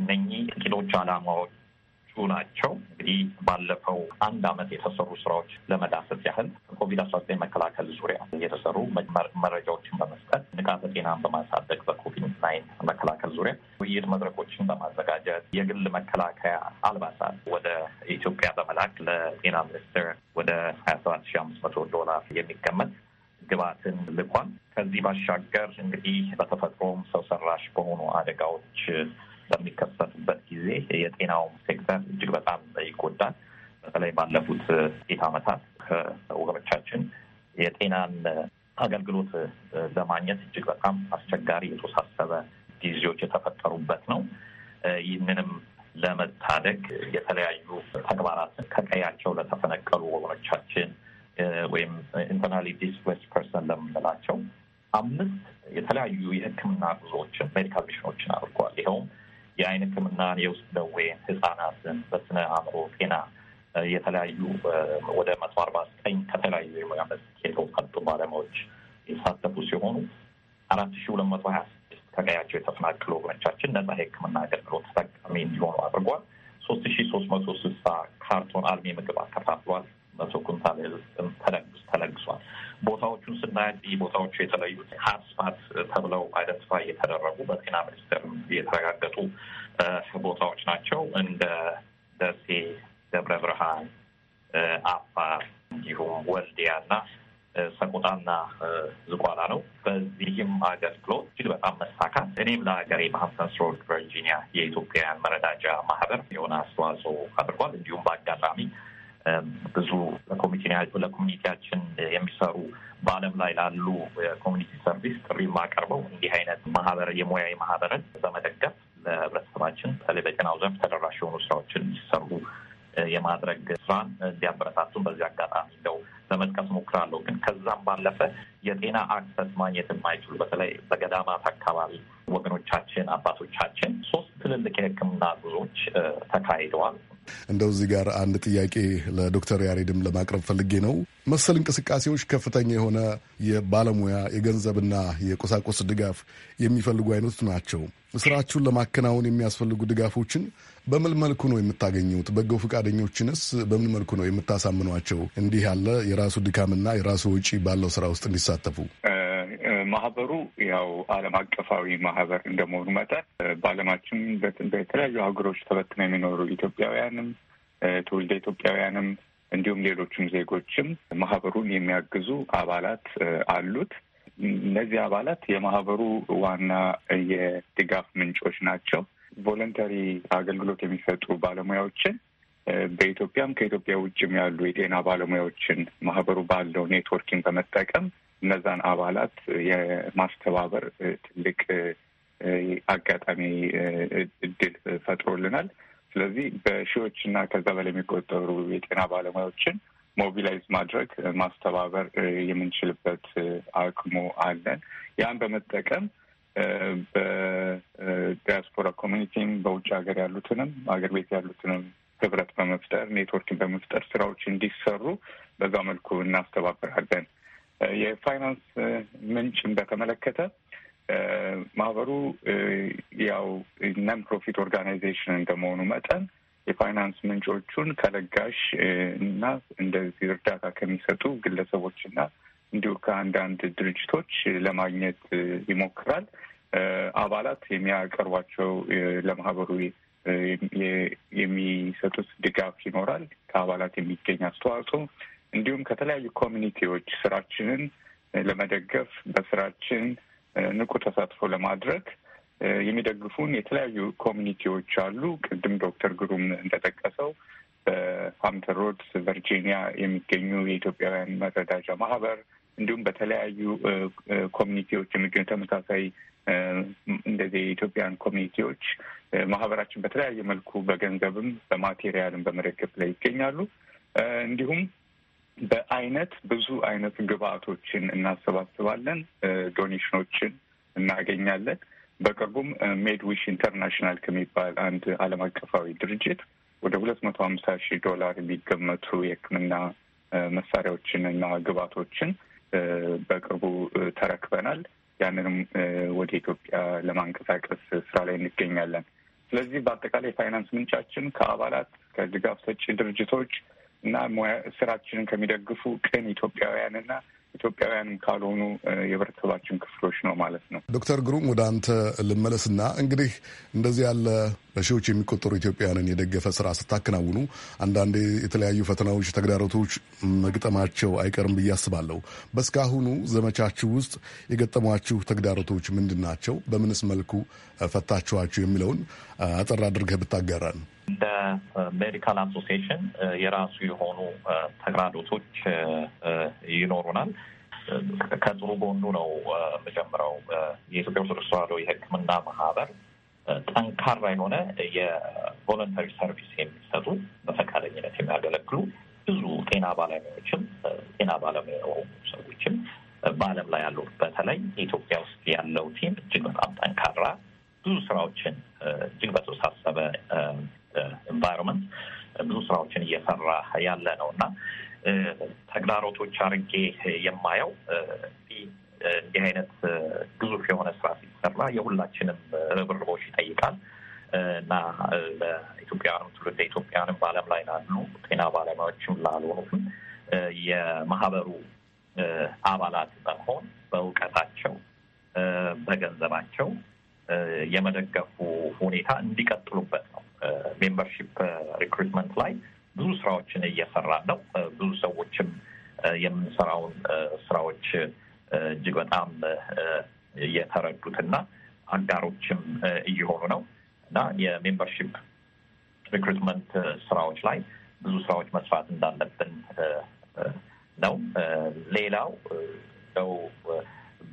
እነኚህ ጥቂቶች አላማዎቹ ናቸው። እንግዲህ ባለፈው አንድ አመት የተሰሩ ስራዎች ለመዳሰስ ያህል ኮቪድ አስራ ዘጠኝ መከላከል ዙሪያ የተሰሩ መረጃዎችን በመስጠት ንቃተ ጤናን በማሳደግ በኮቪድ ናይን መከላከል ዙሪያ ውይይት መድረኮችን በማዘጋጀት የግል መከላከያ አልባሳት ወደ ኢትዮጵያ በመላክ ለጤና ሚኒስቴር ወደ ሀያ ሰባት ሺ አምስት መቶ ዶላር የሚገመት ግብአትን ልኳል። ከዚህ ባሻገር እንግዲህ በተፈጥሮም ሰው ሰራሽ በሆኑ አደጋዎች በሚከሰቱበት ጊዜ የጤናው ሴክተር እጅግ በጣም ይጎዳል። በተለይ ባለፉት ሴት ዓመታት ከወገኖቻችን የጤናን አገልግሎት ለማግኘት እጅግ በጣም አስቸጋሪ የተወሳሰበ ጊዜዎች የተፈጠሩበት ነው። ይህንንም ለመታደግ የተለያዩ ተግባራትን ከቀያቸው ለተፈነቀሉ ወገኖቻችን Uh, ወይም ኢንተርናሊ ዲስፕሌስ ፐርሰን ለምንላቸው አምስት የተለያዩ የህክምና ጉዞዎችን ሜዲካል ሚሽኖችን አድርጓል። ይኸውም የአይን ህክምናን፣ የውስጥ ደዌን፣ ህጻናትን፣ በስነ አእምሮ ጤና uh, የተለያዩ uh, ወደ መቶ አርባ ዘጠኝ ከተለያዩ የሙያ መስክ የተውጣጡ ባለሙያዎች የተሳተፉ ሲሆኑ አራት ሺ ሁለት መቶ ሀያ ስድስት ከቀያቸው የተፈናቀሉ ወገኖቻችን ነጻ የህክምና አገልግሎት ተጠቃሚ እንዲሆኑ አድርጓል። ሶስት ሺ ሶስት መቶ ስልሳ ካርቶን አልሚ ምግብ አከፋፍሏል። መቶ ኩንታል እህል ተለግሷል። ቦታዎቹን ስናያጅ ቦታዎቹ የተለዩት ሀትስፓት ተብለው አይደንቲፋይ የተደረጉ በጤና ሚኒስቴር የተረጋገጡ ቦታዎች ናቸው። እንደ ደሴ፣ ደብረ ብርሃን፣ አፋር እንዲሁም ወልዲያና ሰቆጣና ዝቋላ ነው። በዚህም አገልግሎት እጅግ በጣም መሳካት እኔም ለሀገሬ በሀምሰንስ ሮድ ቨርጂኒያ የኢትዮጵያውያን መረዳጃ ማህበር የሆነ አስተዋጽኦ አድርጓል። እንዲሁም በአጋጣሚ ብዙ ለኮሚኒቲያችን የሚሰሩ በዓለም ላይ ላሉ የኮሚኒቲ ሰርቪስ ጥሪ የማቀርበው እንዲህ አይነት ማህበር የሙያ ማህበርን በመደገፍ ለህብረተሰባችን በተለይ በጤናው ዘርፍ ተደራሽ የሆኑ ስራዎችን እንዲሰሩ የማድረግ ስራን እንዲያበረታቱን በዚህ አጋጣሚ እንደው ለመጥቀስ ሞክራለሁ። ግን ከዛም ባለፈ የጤና አክሰስ ማግኘት የማይችሉ በተለይ በገዳማት አካባቢ ወገኖቻችን፣ አባቶቻችን ሶስት ትልልቅ የህክምና ጉዞዎች ተካሂደዋል። እንደው እዚህ ጋር አንድ ጥያቄ ለዶክተር ያሬድም ለማቅረብ ፈልጌ ነው። መሰል እንቅስቃሴዎች ከፍተኛ የሆነ የባለሙያ የገንዘብና የቁሳቁስ ድጋፍ የሚፈልጉ አይነት ናቸው። ስራችሁን ለማከናወን የሚያስፈልጉ ድጋፎችን በምን መልኩ ነው የምታገኙት? በጎ ፈቃደኞችንስ በምን መልኩ ነው የምታሳምኗቸው? እንዲህ ያለ የራሱ ድካምና የራሱ ውጪ ባለው ስራ ውስጥ እንዲሳተፉ ማህበሩ ያው ዓለም አቀፋዊ ማህበር እንደመሆኑ መጠን በዓለማችን በተለያዩ ሀገሮች ተበትነው የሚኖሩ ኢትዮጵያውያንም ትውልደ ኢትዮጵያውያንም እንዲሁም ሌሎችም ዜጎችም ማህበሩን የሚያግዙ አባላት አሉት። እነዚህ አባላት የማህበሩ ዋና የድጋፍ ምንጮች ናቸው። ቮለንተሪ አገልግሎት የሚሰጡ ባለሙያዎችን በኢትዮጵያም ከኢትዮጵያ ውጭም ያሉ የጤና ባለሙያዎችን ማህበሩ ባለው ኔትወርኪንግ በመጠቀም እነዛን አባላት የማስተባበር ትልቅ አጋጣሚ እድል ፈጥሮልናል። ስለዚህ በሺዎች እና ከዛ በላይ የሚቆጠሩ የጤና ባለሙያዎችን ሞቢላይዝ ማድረግ ማስተባበር የምንችልበት አቅሙ አለን። ያን በመጠቀም በዲያስፖራ ኮሚኒቲም በውጭ ሀገር ያሉትንም ሀገር ቤት ያሉትንም ህብረት በመፍጠር ኔትወርክን በመፍጠር ስራዎች እንዲሰሩ በዛ መልኩ እናስተባብራለን። የፋይናንስ ምንጭን በተመለከተ ማህበሩ ያው ነን ፕሮፊት ኦርጋናይዜሽን እንደመሆኑ መጠን የፋይናንስ ምንጮቹን ከለጋሽ እና እንደዚህ እርዳታ ከሚሰጡ እና እንዲሁ ከአንዳንድ ድርጅቶች ለማግኘት ይሞክራል። አባላት የሚያቀርቧቸው ለማህበሩ የሚሰጡት ድጋፍ ይኖራል። ከአባላት የሚገኝ አስተዋጽኦ እንዲሁም ከተለያዩ ኮሚኒቲዎች ስራችንን ለመደገፍ በስራችን ንቁ ተሳትፎ ለማድረግ የሚደግፉን የተለያዩ ኮሚኒቲዎች አሉ። ቅድም ዶክተር ግሩም እንደጠቀሰው በሃምተን ሮድስ ቨርጂኒያ የሚገኙ የኢትዮጵያውያን መረዳጃ ማህበር እንዲሁም በተለያዩ ኮሚኒቲዎች የሚገኙ ተመሳሳይ እንደዚህ የኢትዮጵያን ኮሚኒቲዎች ማህበራችን በተለያየ መልኩ በገንዘብም በማቴሪያልም በመደገፍ ላይ ይገኛሉ። እንዲሁም በአይነት ብዙ አይነት ግብአቶችን እናሰባስባለን፣ ዶኔሽኖችን እናገኛለን። በቅርቡም ሜድዊሽ ኢንተርናሽናል ከሚባል አንድ ዓለም አቀፋዊ ድርጅት ወደ ሁለት መቶ ሀምሳ ሺህ ዶላር የሚገመቱ የሕክምና መሳሪያዎችን እና ግብአቶችን በቅርቡ ተረክበናል። ያንንም ወደ ኢትዮጵያ ለማንቀሳቀስ ስራ ላይ እንገኛለን። ስለዚህ በአጠቃላይ የፋይናንስ ምንጫችን ከአባላት ከድጋፍ ሰጪ ድርጅቶች እና ስራችንን ከሚደግፉ ቅን ኢትዮጵያውያን እና ኢትዮጵያውያንም ካልሆኑ የህብረተሰባችን ክፍሎች ነው ማለት ነው። ዶክተር ግሩም ወደ አንተ ልመለስና እንግዲህ እንደዚህ ያለ በሺዎች የሚቆጠሩ ኢትዮጵያውያንን የደገፈ ስራ ስታከናውኑ አንዳንዴ የተለያዩ ፈተናዎች፣ ተግዳሮቶች መግጠማቸው አይቀርም ብዬ አስባለሁ። በእስካሁኑ ዘመቻችሁ ውስጥ የገጠሟችሁ ተግዳሮቶች ምንድን ናቸው? በምንስ መልኩ ፈታችኋችሁ የሚለውን አጠር አድርገህ ብታጋራን። እንደ ሜዲካል አሶሲዬሽን የራሱ የሆኑ ተግዳሮቶች ይኖሩናል። ከጥሩ ጎኑ ነው የምጀምረው። የኢትዮጵያ ኦርቶዶክስ ተዋሕዶ የሕክምና ማህበር ጠንካራ የሆነ የቮለንተሪ ሰርቪስ የሚሰጡ በፈቃደኝነት የሚያገለግሉ ብዙ ጤና ባለሙያዎችም ጤና ባለሙያ የሆኑ ሰዎችም በዓለም ላይ ያሉ በተለይ ኢትዮጵያ ውስጥ ያለው ቲም እጅግ በጣም ጠንካራ ብዙ ስራዎችን እጅግ በተወሳሰበ ኤንቫይሮንመንት ብዙ ስራዎችን እየሰራ ያለ ነው እና ተግዳሮቶች አርጌ የማየው እንዲህ አይነት ግዙፍ የሆነ ስራ ሲሰራ የሁላችንም ርብርቦች ይጠይቃል እና ለኢትዮጵያውያንም ትውልደ ኢትዮጵያውያንም በዓለም ላይ ላሉ ጤና ባለሙያዎችም ላልሆኑትም የማህበሩ አባላት በመሆን በእውቀታቸው፣ በገንዘባቸው የመደገፉ ሁኔታ እንዲቀጥሉበት ነው። ሜምበርሺፕ ሪክሩትመንት ላይ ብዙ ስራዎችን እየሰራ ነው። ብዙ ሰዎችም የምንሰራውን ስራዎች እጅግ በጣም እየተረዱትና አጋሮችም እየሆኑ ነው እና የሜምበርሺፕ ሪክሩትመንት ስራዎች ላይ ብዙ ስራዎች መስራት እንዳለብን ነው። ሌላው ው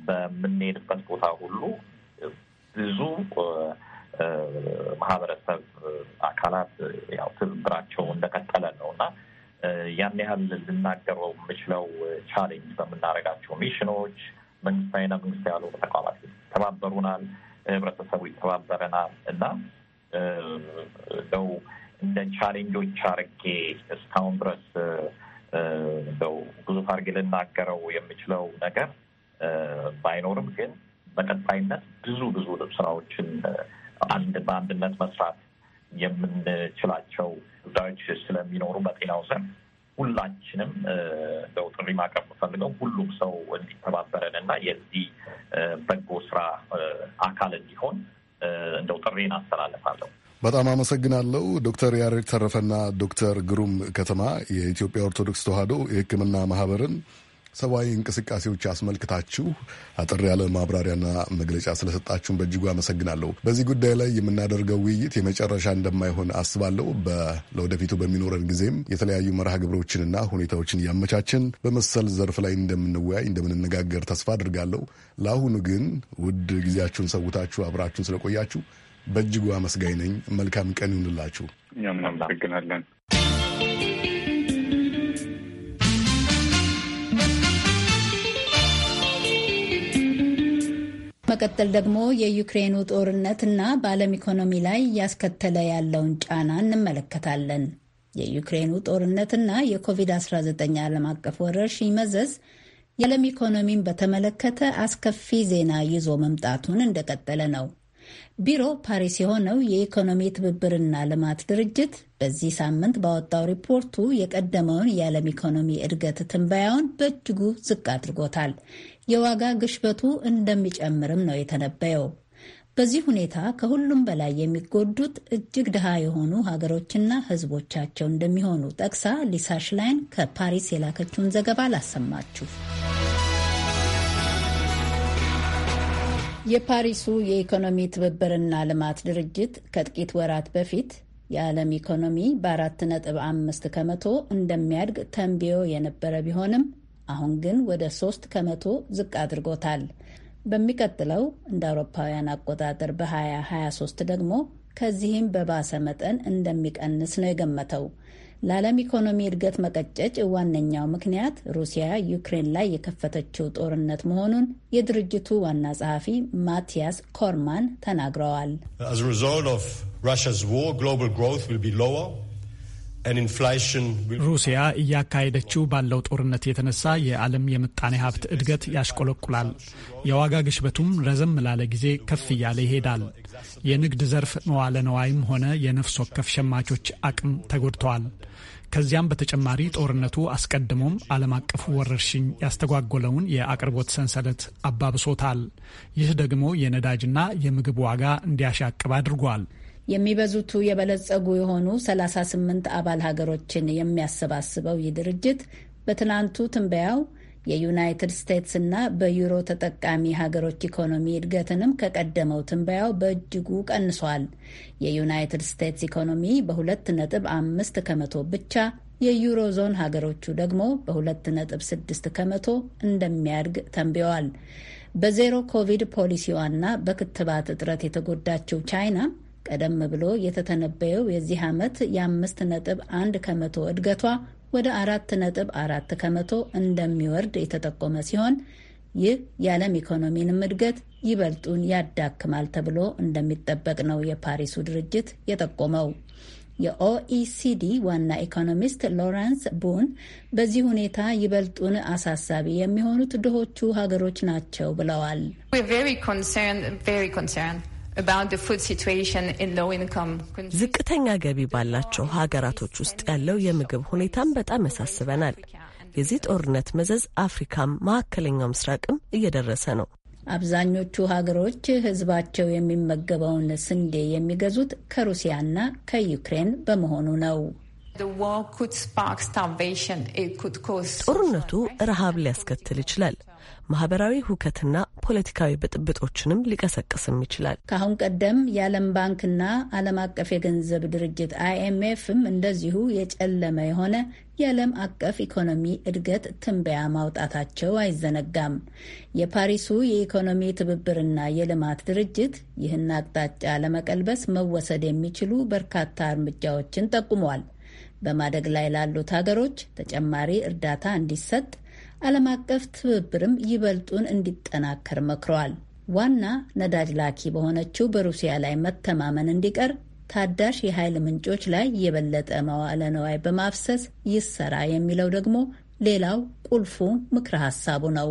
በምንሄድበት ቦታ ሁሉ ብዙ ማህበረሰብ አካላት ያው ትብብራቸው እንደቀጠለ ነው እና ያን ያህል ልናገረው የምችለው ቻሌንጅ በምናደርጋቸው ሚሽኖች መንግስታዊና መንግስት ያሉ ተቋማት ይተባበሩናል፣ ህብረተሰቡ ይተባበረናል እና እንደው እንደ ቻሌንጆች አርጌ እስካሁን ድረስ እንደው ብዙ አርጌ ልናገረው የምችለው ነገር ባይኖርም ግን በቀጣይነት ብዙ ብዙ ስራዎችን አንድ በአንድነት መስራት የምንችላቸው ጉዳዮች ስለሚኖሩ በጤናው ዘርፍ ሁላችንም እንደው ጥሪ ማቅረብ የምፈልገው ሁሉም ሰው እንዲተባበረን እና የዚህ በጎ ስራ አካል እንዲሆን እንደው ጥሬን አስተላልፋለሁ። በጣም አመሰግናለሁ ዶክተር ያሬድ ተረፈና ዶክተር ግሩም ከተማ የኢትዮጵያ ኦርቶዶክስ ተዋሕዶ የሕክምና ማህበርን ሰብአዊ እንቅስቃሴዎች አስመልክታችሁ አጠር ያለ ማብራሪያና መግለጫ ስለሰጣችሁን በእጅጉ አመሰግናለሁ። በዚህ ጉዳይ ላይ የምናደርገው ውይይት የመጨረሻ እንደማይሆን አስባለሁ። ለወደፊቱ በሚኖረን ጊዜም የተለያዩ መርሃ ግብሮችንና ሁኔታዎችን እያመቻችን በመሰል ዘርፍ ላይ እንደምንወያይ እንደምንነጋገር ተስፋ አድርጋለሁ። ለአሁኑ ግን ውድ ጊዜያችሁን ሰውታችሁ አብራችሁን ስለቆያችሁ በእጅጉ አመስጋኝ ነኝ። መልካም ቀን ይሁንላችሁ። እኛም እናመሰግናለን። በመቀጠል ደግሞ የዩክሬኑ ጦርነት እና በዓለም ኢኮኖሚ ላይ እያስከተለ ያለውን ጫና እንመለከታለን። የዩክሬኑ ጦርነትና የኮቪድ-19 ዓለም አቀፍ ወረርሽኝ መዘዝ የዓለም ኢኮኖሚን በተመለከተ አስከፊ ዜና ይዞ መምጣቱን እንደቀጠለ ነው። ቢሮ ፓሪስ የሆነው የኢኮኖሚ ትብብርና ልማት ድርጅት በዚህ ሳምንት ባወጣው ሪፖርቱ የቀደመውን የዓለም ኢኮኖሚ እድገት ትንበያውን በእጅጉ ዝቅ አድርጎታል። የዋጋ ግሽበቱ እንደሚጨምርም ነው የተነበየው። በዚህ ሁኔታ ከሁሉም በላይ የሚጎዱት እጅግ ድሃ የሆኑ ሀገሮችና ሕዝቦቻቸው እንደሚሆኑ ጠቅሳ ሊሳ ሽላይን ከፓሪስ የላከችውን ዘገባ ላሰማችሁ። የፓሪሱ የኢኮኖሚ ትብብርና ልማት ድርጅት ከጥቂት ወራት በፊት የዓለም ኢኮኖሚ በአራት ነጥብ አምስት ከመቶ እንደሚያድግ ተንብዮ የነበረ ቢሆንም አሁን ግን ወደ ሶስት ከመቶ ዝቅ አድርጎታል። በሚቀጥለው እንደ አውሮፓውያን አቆጣጠር በ2023 ደግሞ ከዚህም በባሰ መጠን እንደሚቀንስ ነው የገመተው። ለዓለም ኢኮኖሚ እድገት መቀጨጭ ዋነኛው ምክንያት ሩሲያ ዩክሬን ላይ የከፈተችው ጦርነት መሆኑን የድርጅቱ ዋና ጸሐፊ ማቲያስ ኮርማን ተናግረዋል። ሩሲያ እያካሄደችው ባለው ጦርነት የተነሳ የዓለም የምጣኔ ሀብት እድገት ያሽቆለቁላል። የዋጋ ግሽበቱም ረዘም ላለ ጊዜ ከፍ እያለ ይሄዳል። የንግድ ዘርፍ መዋለ ነዋይም ሆነ የነፍስ ወከፍ ሸማቾች አቅም ተጎድተዋል። ከዚያም በተጨማሪ ጦርነቱ አስቀድሞም ዓለም አቀፉ ወረርሽኝ ያስተጓጎለውን የአቅርቦት ሰንሰለት አባብሶታል። ይህ ደግሞ የነዳጅና የምግብ ዋጋ እንዲያሻቅብ አድርጓል። የሚበዙቱ የበለጸጉ የሆኑ 38 አባል ሀገሮችን የሚያሰባስበው ይህ ድርጅት በትናንቱ ትንበያው የዩናይትድ ስቴትስ እና በዩሮ ተጠቃሚ ሀገሮች ኢኮኖሚ እድገትንም ከቀደመው ትንበያው በእጅጉ ቀንሷል። የዩናይትድ ስቴትስ ኢኮኖሚ በሁለት ነጥብ አምስት ከመቶ ብቻ የዩሮ ዞን ሀገሮቹ ደግሞ በሁለት ነጥብ ስድስት ከመቶ እንደሚያድግ ተንብየዋል። በዜሮ ኮቪድ ፖሊሲዋና በክትባት እጥረት የተጎዳችው ቻይና ቀደም ብሎ የተተነበየው የዚህ ዓመት የአምስት ነጥብ አንድ ከመቶ እድገቷ ወደ አራት ነጥብ አራት ከመቶ እንደሚወርድ የተጠቆመ ሲሆን ይህ የዓለም ኢኮኖሚንም እድገት ይበልጡን ያዳክማል ተብሎ እንደሚጠበቅ ነው የፓሪሱ ድርጅት የጠቆመው። የኦኢሲዲ ዋና ኢኮኖሚስት ሎረንስ ቡን በዚህ ሁኔታ ይበልጡን አሳሳቢ የሚሆኑት ድሆቹ ሀገሮች ናቸው ብለዋል። ዝቅተኛ ገቢ ባላቸው ሀገራቶች ውስጥ ያለው የምግብ ሁኔታም በጣም ያሳስበናል። የዚህ ጦርነት መዘዝ አፍሪካም መካከለኛው ምስራቅም እየደረሰ ነው። አብዛኞቹ ሀገሮች ሕዝባቸው የሚመገበውን ስንዴ የሚገዙት ከሩሲያና ከዩክሬን በመሆኑ ነው። ጦርነቱ ረሃብ ሊያስከትል ይችላል። ማህበራዊ ሁከትና ፖለቲካዊ ብጥብጦችንም ሊቀሰቅስም ይችላል። ከአሁን ቀደም የዓለም ባንክና ዓለም አቀፍ የገንዘብ ድርጅት አይኤምኤፍም እንደዚሁ የጨለመ የሆነ የዓለም አቀፍ ኢኮኖሚ እድገት ትንበያ ማውጣታቸው አይዘነጋም። የፓሪሱ የኢኮኖሚ ትብብርና የልማት ድርጅት ይህን አቅጣጫ ለመቀልበስ መወሰድ የሚችሉ በርካታ እርምጃዎችን ጠቁሟል። በማደግ ላይ ላሉት ሀገሮች ተጨማሪ እርዳታ እንዲሰጥ ዓለም አቀፍ ትብብርም ይበልጡን እንዲጠናከር መክረዋል። ዋና ነዳጅ ላኪ በሆነችው በሩሲያ ላይ መተማመን እንዲቀር ታዳሽ የኃይል ምንጮች ላይ የበለጠ መዋዕለ ነዋይ በማፍሰስ ይሰራ የሚለው ደግሞ ሌላው ቁልፉ ምክረ ሀሳቡ ነው።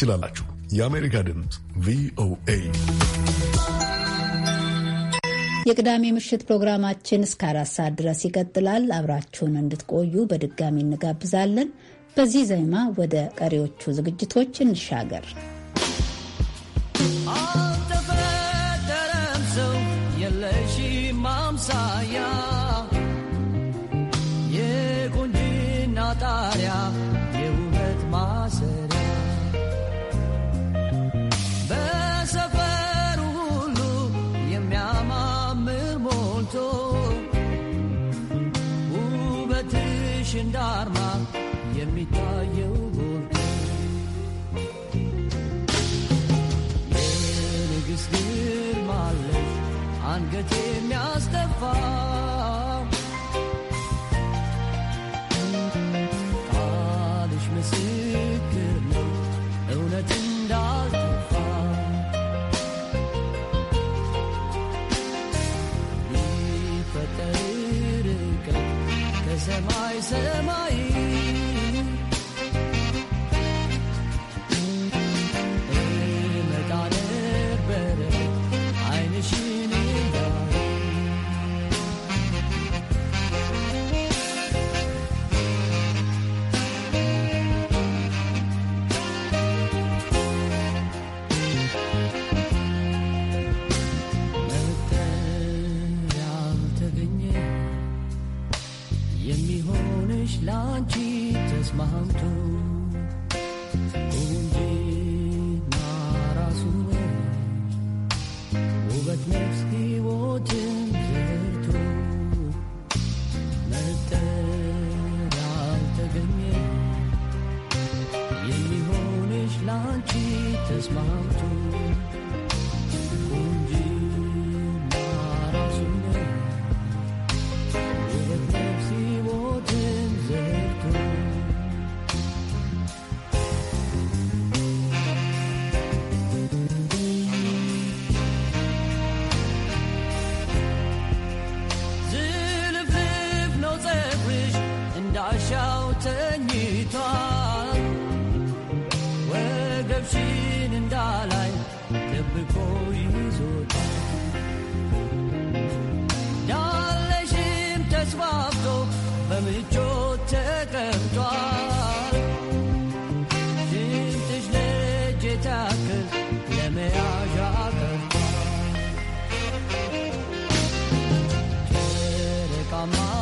ትችላላችሁ። የአሜሪካ ድምፅ ቪኦኤ የቅዳሜ ምሽት ፕሮግራማችን እስከ አራት ሰዓት ድረስ ይቀጥላል። አብራችሁን እንድትቆዩ በድጋሚ እንጋብዛለን። በዚህ ዜማ ወደ ቀሪዎቹ ዝግጅቶች እንሻገር። ትንሽ እንደ አርማ የሚታየው ጎልቶ የንግሥት ግርማለሽ አንገት የሚያስደፋ ቃልሽ ምስክር ነው እውነት እንዳል my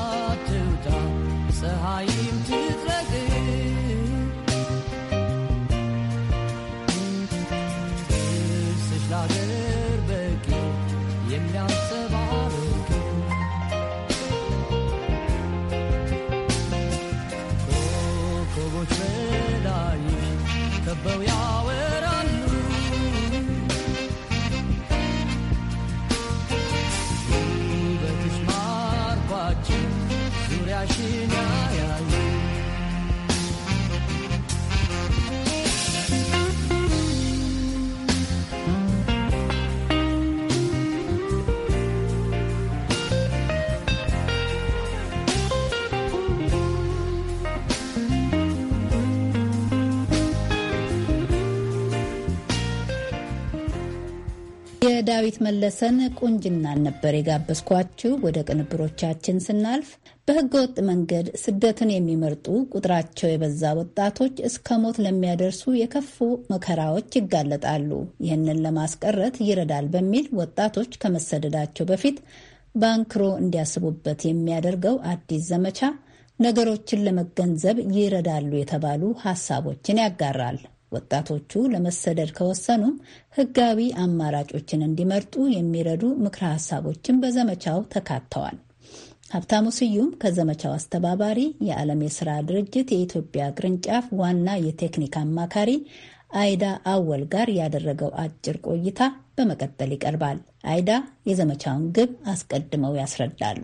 ዳዊት መለሰን ቁንጅናን ነበር የጋበዝኳችሁ። ወደ ቅንብሮቻችን ስናልፍ በህገወጥ መንገድ ስደትን የሚመርጡ ቁጥራቸው የበዛ ወጣቶች እስከ ሞት ለሚያደርሱ የከፉ መከራዎች ይጋለጣሉ። ይህንን ለማስቀረት ይረዳል በሚል ወጣቶች ከመሰደዳቸው በፊት ባንክሮ እንዲያስቡበት የሚያደርገው አዲስ ዘመቻ ነገሮችን ለመገንዘብ ይረዳሉ የተባሉ ሀሳቦችን ያጋራል። ወጣቶቹ ለመሰደድ ከወሰኑም ህጋዊ አማራጮችን እንዲመርጡ የሚረዱ ምክረ ሀሳቦችን በዘመቻው ተካተዋል። ሀብታሙ ስዩም ከዘመቻው አስተባባሪ የዓለም የስራ ድርጅት የኢትዮጵያ ቅርንጫፍ ዋና የቴክኒክ አማካሪ አይዳ አወል ጋር ያደረገው አጭር ቆይታ በመቀጠል ይቀርባል። አይዳ የዘመቻውን ግብ አስቀድመው ያስረዳሉ።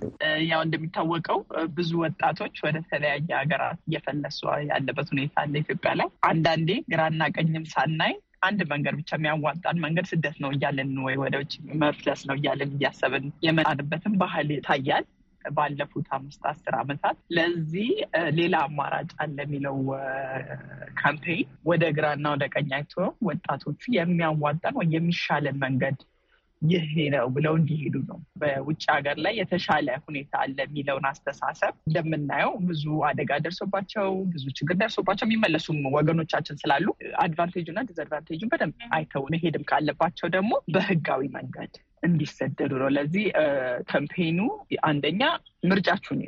ያው እንደሚታወቀው ብዙ ወጣቶች ወደ ተለያየ ሀገራት እየፈለሱ ያለበት ሁኔታ አለ ኢትዮጵያ ላይ። አንዳንዴ ግራና ቀኝም ሳናይ አንድ መንገድ ብቻ የሚያዋጣን መንገድ ስደት ነው እያለን ወይ ወደ ውጭ መፍለስ ነው እያለን እያሰብን የመጣንበትን ባህል ይታያል። ባለፉት አምስት አስር ዓመታት ለዚህ ሌላ አማራጭ አለ የሚለው ካምፔይን ወደ ግራና ወደ ቀኝ አይቶ ወጣቶቹ የሚያዋጣን ወይ የሚሻለን መንገድ ይሄ ነው ብለው እንዲሄዱ ነው። በውጭ ሀገር ላይ የተሻለ ሁኔታ አለ የሚለውን አስተሳሰብ እንደምናየው ብዙ አደጋ ደርሶባቸው ብዙ ችግር ደርሶባቸው የሚመለሱም ወገኖቻችን ስላሉ አድቫንቴጁ እና ዲስአድቫንቴጁን በደንብ አይተው መሄድም ካለባቸው ደግሞ በህጋዊ መንገድ እንዲሰደዱ ነው። ለዚህ ካምፔኑ አንደኛ ምርጫችሁን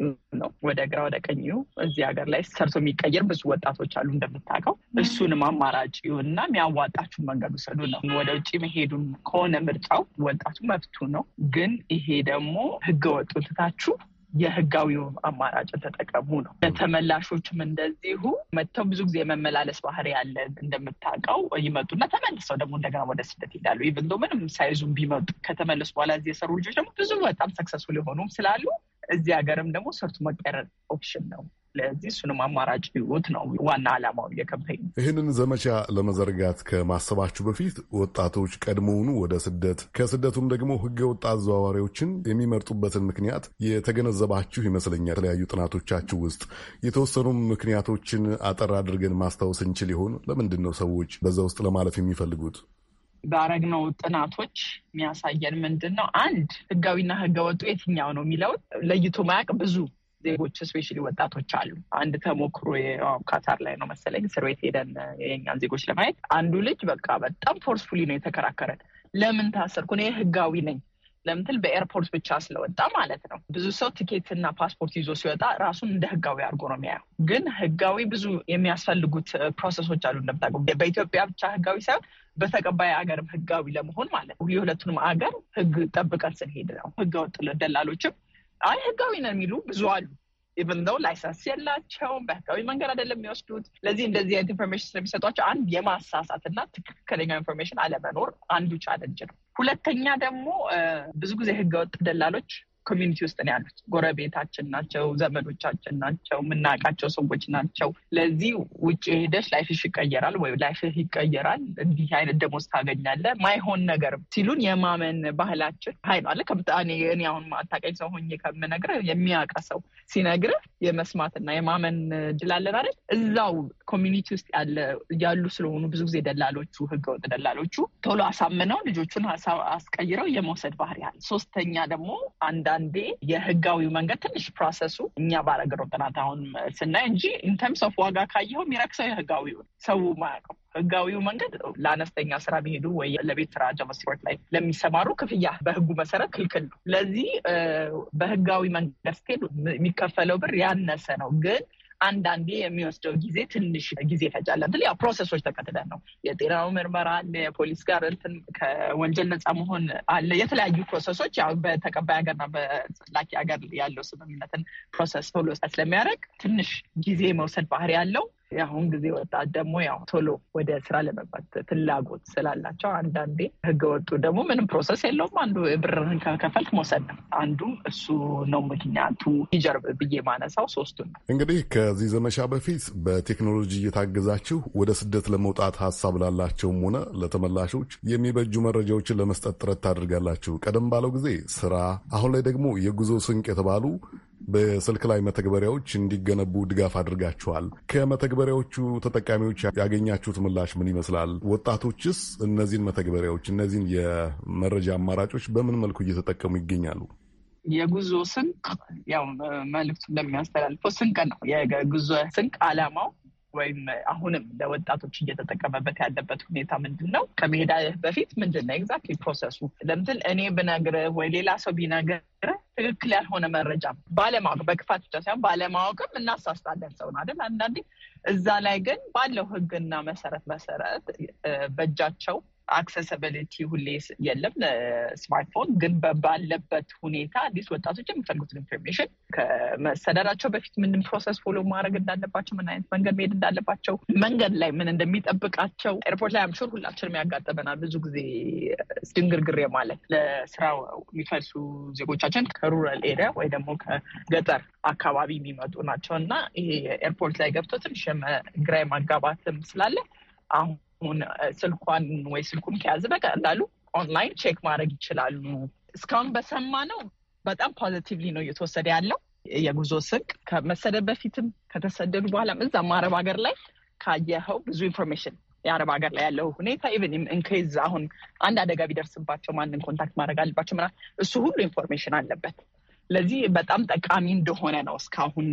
ነው፣ ወደ ግራ ወደ ቀኝ እዚህ ሀገር ላይ ሰርቶ የሚቀየር ብዙ ወጣቶች አሉ እንደምታውቀው። እሱንም አማራጭ ይሁንና የሚያዋጣችሁን መንገድ ውሰዱ ነው። ወደ ውጭ መሄዱን ከሆነ ምርጫው ወጣቱ መብቱ ነው። ግን ይሄ ደግሞ ህገ ወጡን ትታችሁ የህጋዊው አማራጭ ተጠቀሙ ነው። ለተመላሾችም እንደዚሁ መጥተው ብዙ ጊዜ የመመላለስ ባህሪ ያለ እንደምታውቀው ይመጡና ተመልሰው ደግሞ እንደገና ወደ ስደት ይሄዳሉ። ኢቨን ምንም ሳይዙም ቢመጡ ከተመለሱ በኋላ እዚህ የሰሩ ልጆች ደግሞ ብዙ በጣም ሰክሰስፉል የሆኑም ስላሉ እዚህ ሀገርም ደግሞ ሰርቶ መቀረር ኦፕሽን ነው። ለዚህ እሱንም አማራጭ ህይወት ነው ዋና ዓላማው የከምፔኝ። ይህንን ዘመቻ ለመዘርጋት ከማሰባችሁ በፊት ወጣቶች ቀድሞውኑ ወደ ስደት ከስደቱም ደግሞ ህገ ወጥ አዘዋዋሪዎችን የሚመርጡበትን ምክንያት የተገነዘባችሁ ይመስለኛል። የተለያዩ ጥናቶቻችሁ ውስጥ የተወሰኑ ምክንያቶችን አጠር አድርገን ማስታወስ እንችል ይሆን? ለምንድን ነው ሰዎች በዛ ውስጥ ለማለፍ የሚፈልጉት? ባረግነው ጥናቶች የሚያሳየን ምንድን ነው? አንድ ህጋዊና ህገወጡ የትኛው ነው የሚለውን ለይቶ ማያቅ ብዙ ዜጎች እስፔሻሊ ወጣቶች አሉ። አንድ ተሞክሮ ካታር ላይ ነው መሰለኝ እስር ቤት ሄደን የኛን ዜጎች ለማየት አንዱ ልጅ በቃ በጣም ፎርስፉሊ ነው የተከራከረን። ለምን ታሰርኩ? እኔ ህጋዊ ነኝ ለምትል በኤርፖርት ብቻ ስለወጣ ማለት ነው። ብዙ ሰው ትኬትና እና ፓስፖርት ይዞ ሲወጣ ራሱን እንደ ህጋዊ አድርጎ ነው የሚያየው። ግን ህጋዊ ብዙ የሚያስፈልጉት ፕሮሰሶች አሉ እንደምታውቀው በኢትዮጵያ ብቻ ህጋዊ ሳይሆን በተቀባይ አገርም ህጋዊ ለመሆን ማለት ነው። የሁለቱንም አገር ህግ ጠብቀን ስንሄድ ነው። ህገ ወጥ ደላሎችም አይ ህጋዊ ነው የሚሉ ብዙ አሉ። ኢቨን ነው ላይሰንስ የላቸውም፣ በህጋዊ መንገድ አይደለም የሚወስዱት። ስለዚህ እንደዚህ አይነት ኢንፎርሜሽን ስለሚሰጧቸው አንድ የማሳሳትና ትክክለኛው ኢንፎርሜሽን አለመኖር አንዱ ቻለንጅ ነው። ሁለተኛ ደግሞ ብዙ ጊዜ ህገወጥ ደላሎች ኮሚኒቲ ውስጥ ነው ያሉት። ጎረቤታችን ናቸው፣ ዘመዶቻችን ናቸው፣ የምናውቃቸው ሰዎች ናቸው። ለዚህ ውጭ ሄደሽ ላይፍሽ ይቀየራል ወይ ላይፍህ ይቀየራል፣ እንዲህ አይነት ደሞዝ ታገኛለህ፣ ማይሆን ነገር ሲሉን የማመን ባህላችን ሀይ ነው አለ። እኔ አሁን ማታቀኝ ሰው ሆኜ ከምነግርህ የሚያውቅ ሰው ሲነግርህ የመስማትና የማመን ድል አይደል? እዛው ኮሚኒቲ ውስጥ ያለ ያሉ ስለሆኑ ብዙ ጊዜ ደላሎቹ፣ ህገወጥ ደላሎቹ ቶሎ አሳምነው ልጆቹን አስቀይረው የመውሰድ ባህሪ ያህል ሶስተኛ ደግሞ አንዳ አንዳንዴ የህጋዊው መንገድ ትንሽ ፕሮሰሱ እኛ ባረገረው ጥናት አሁን ስናይ እንጂ ኢንተርምስ ኦፍ ዋጋ ካየኸው የሚረክሰው የህጋዊው ሰው ማያውቀው ህጋዊው መንገድ ለአነስተኛ ስራ የሚሄዱ ወይ ለቤት ስራ ጀመስፖርት ላይ ለሚሰማሩ ክፍያ በህጉ መሰረት ክልክል ነው። ስለዚህ በህጋዊ መንገድ ስትሄድ የሚከፈለው ብር ያነሰ ነው። ግን አንዳንዴ የሚወስደው ጊዜ ትንሽ ጊዜ ይፈጃል። እንትን ያው ፕሮሰሶች ተከትለን ነው። የጤናው ምርመራ አለ፣ የፖሊስ ጋር እንትን ከወንጀል ነፃ መሆን አለ። የተለያዩ ፕሮሰሶች ያው በተቀባይ ሀገርና በላኪ ሀገር ያለው ስምምነትን ፕሮሰስ ቶሎ ስለሚያደርግ ትንሽ ጊዜ መውሰድ ባህሪ ያለው የአሁን ጊዜ ወጣት ደግሞ ያው ቶሎ ወደ ስራ ለመግባት ፍላጎት ስላላቸው አንዳንዴ ህገ ወጡ ደግሞ ምንም ፕሮሰስ የለውም። አንዱ ብርህን ከከፈልክ መውሰድ ነው። አንዱም እሱ ነው ምክንያቱ ይጀርብ ብዬ ማነሳው ሶስቱ ነው። እንግዲህ ከዚህ ዘመቻ በፊት በቴክኖሎጂ እየታገዛችሁ ወደ ስደት ለመውጣት ሀሳብ ላላቸውም ሆነ ለተመላሾች የሚበጁ መረጃዎችን ለመስጠት ጥረት ታደርጋላችሁ። ቀደም ባለው ጊዜ ስራ፣ አሁን ላይ ደግሞ የጉዞ ስንቅ የተባሉ በስልክ ላይ መተግበሪያዎች እንዲገነቡ ድጋፍ አድርጋችኋል። ከመተግበሪያዎቹ ተጠቃሚዎች ያገኛችሁት ምላሽ ምን ይመስላል? ወጣቶችስ እነዚህን መተግበሪያዎች፣ እነዚህን የመረጃ አማራጮች በምን መልኩ እየተጠቀሙ ይገኛሉ? የጉዞ ስንቅ ያው መልዕክቱ እንደሚያስተላልፈው ስንቅ ነው። የጉዞ ስንቅ አላማው? ወይም አሁንም ለወጣቶች እየተጠቀመበት ያለበት ሁኔታ ምንድን ነው? ከመሄዳህ በፊት ምንድን ነው ኤግዛክትሊ ፕሮሰሱ? ለምትል እኔ ብነግርህ ወይ ሌላ ሰው ቢነግርህ ትክክል ያልሆነ መረጃ ባለማወቅ በክፋት ብቻ ሳይሆን ባለማወቅም እናሳስታለን ሰውን አይደል? አንዳንዴ እዛ ላይ ግን ባለው ህግና መሰረት መሰረት በእጃቸው አክሰሰብሊቲ ሁሌ የለም ለስማርትፎን ግን ባለበት ሁኔታ አዲስ ወጣቶች የሚፈልጉትን ኢንፎርሜሽን ከመሰደራቸው በፊት ምንም ፕሮሰስ ፎሎ ማድረግ እንዳለባቸው፣ ምን አይነት መንገድ መሄድ እንዳለባቸው፣ መንገድ ላይ ምን እንደሚጠብቃቸው ኤርፖርት ላይ አምሹር ሁላችንም ያጋጥመናል። ብዙ ጊዜ ድንግርግር ማለት ለስራ የሚፈልሱ ዜጎቻችን ከሩራል ኤሪያ ወይ ደግሞ ከገጠር አካባቢ የሚመጡ ናቸው እና ይሄ ኤርፖርት ላይ ገብቶ ትንሽ ግራ ማጋባትም ስላለ አሁን ስልኳን ወይ ስልኩን ከያዘ በቀላሉ ኦንላይን ቼክ ማድረግ ይችላሉ። እስካሁን በሰማ ነው በጣም ፖዘቲቭሊ ነው እየተወሰደ ያለው የጉዞ ስንቅ ከመሰደድ በፊትም ከተሰደዱ በኋላም እዛም አረብ ሀገር ላይ ካየኸው ብዙ ኢንፎርሜሽን የአረብ ሀገር ላይ ያለው ሁኔታ ኢቨን ኢንኬዝ አሁን አንድ አደጋ ቢደርስባቸው ማንን ኮንታክት ማድረግ አለባቸው ምናምን እሱ ሁሉ ኢንፎርሜሽን አለበት። ለዚህ በጣም ጠቃሚ እንደሆነ ነው እስካሁን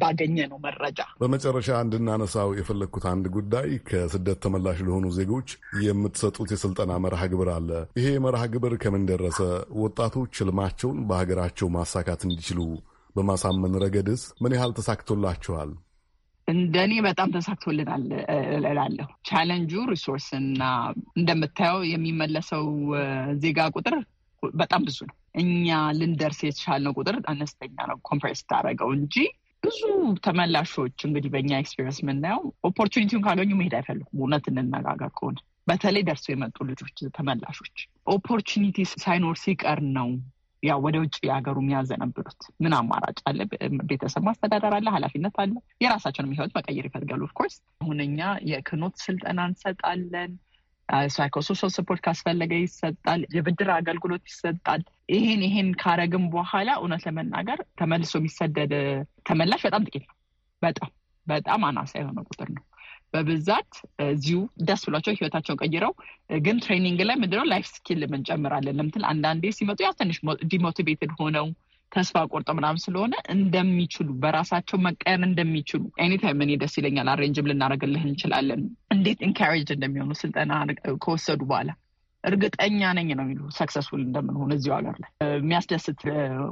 ባገኘ ነው መረጃ። በመጨረሻ እንድናነሳው የፈለግኩት አንድ ጉዳይ ከስደት ተመላሽ ለሆኑ ዜጎች የምትሰጡት የስልጠና መርሃ ግብር አለ። ይሄ መርሃ ግብር ከምን ደረሰ? ወጣቶች ህልማቸውን በሀገራቸው ማሳካት እንዲችሉ በማሳመን ረገድስ ምን ያህል ተሳክቶላችኋል? እንደኔ በጣም ተሳክቶልናል እላለሁ። ቻለንጁ ሪሶርስ እና እንደምታየው የሚመለሰው ዜጋ ቁጥር በጣም ብዙ ነው። እኛ ልንደርስ የተቻልነው ቁጥር አነስተኛ ነው ኮምፕሬስ ታደረገው እንጂ ብዙ ተመላሾች እንግዲህ በእኛ ኤክስፔሪንስ የምናየው ኦፖርቹኒቲውን ካገኙ መሄድ አይፈልጉም። እውነት እንነጋገር ከሆነ በተለይ ደርሶ የመጡ ልጆች ተመላሾች ኦፖርቹኒቲ ሳይኖር ሲቀር ነው ያ ወደ ውጭ የሀገሩ የሚያዘነብሉት። ምን አማራጭ አለ? ቤተሰብ ማስተዳደር አለ፣ ኃላፊነት አለ። የራሳቸውን ህይወት መቀየር ይፈልጋሉ። ኦፍኮርስ አሁን እኛ የክኖት ስልጠና እንሰጣለን። ሳይኮሶሻል ሰፖርት ካስፈለገ ይሰጣል። የብድር አገልግሎት ይሰጣል። ይሄን ይሄን ካረግም በኋላ እውነት ለመናገር ተመልሶ የሚሰደድ ተመላሽ በጣም ጥቂት ነው። በጣም በጣም አናሳ የሆነ ቁጥር ነው። በብዛት እዚሁ ደስ ብሏቸው ህይወታቸውን ቀይረው ግን ትሬኒንግ ላይ ምንድነው ላይፍ ስኪል እንጨምራለን ለምትል አንዳንዴ ሲመጡ ያ ትንሽ ዲሞቲቬትድ ሆነው ተስፋ ቆርጦ ምናምን ስለሆነ እንደሚችሉ በራሳቸው መቀየር እንደሚችሉ ኤኒታይም እኔ ደስ ይለኛል። አሬንጅም ልናደርግልህ እንችላለን። እንዴት ኢንካሬጅ እንደሚሆኑ ስልጠና ከወሰዱ በኋላ እርግጠኛ ነኝ ነው የሚሉ ሰክሰስፉል እንደምንሆን እዚሁ ሀገር ላይ የሚያስደስት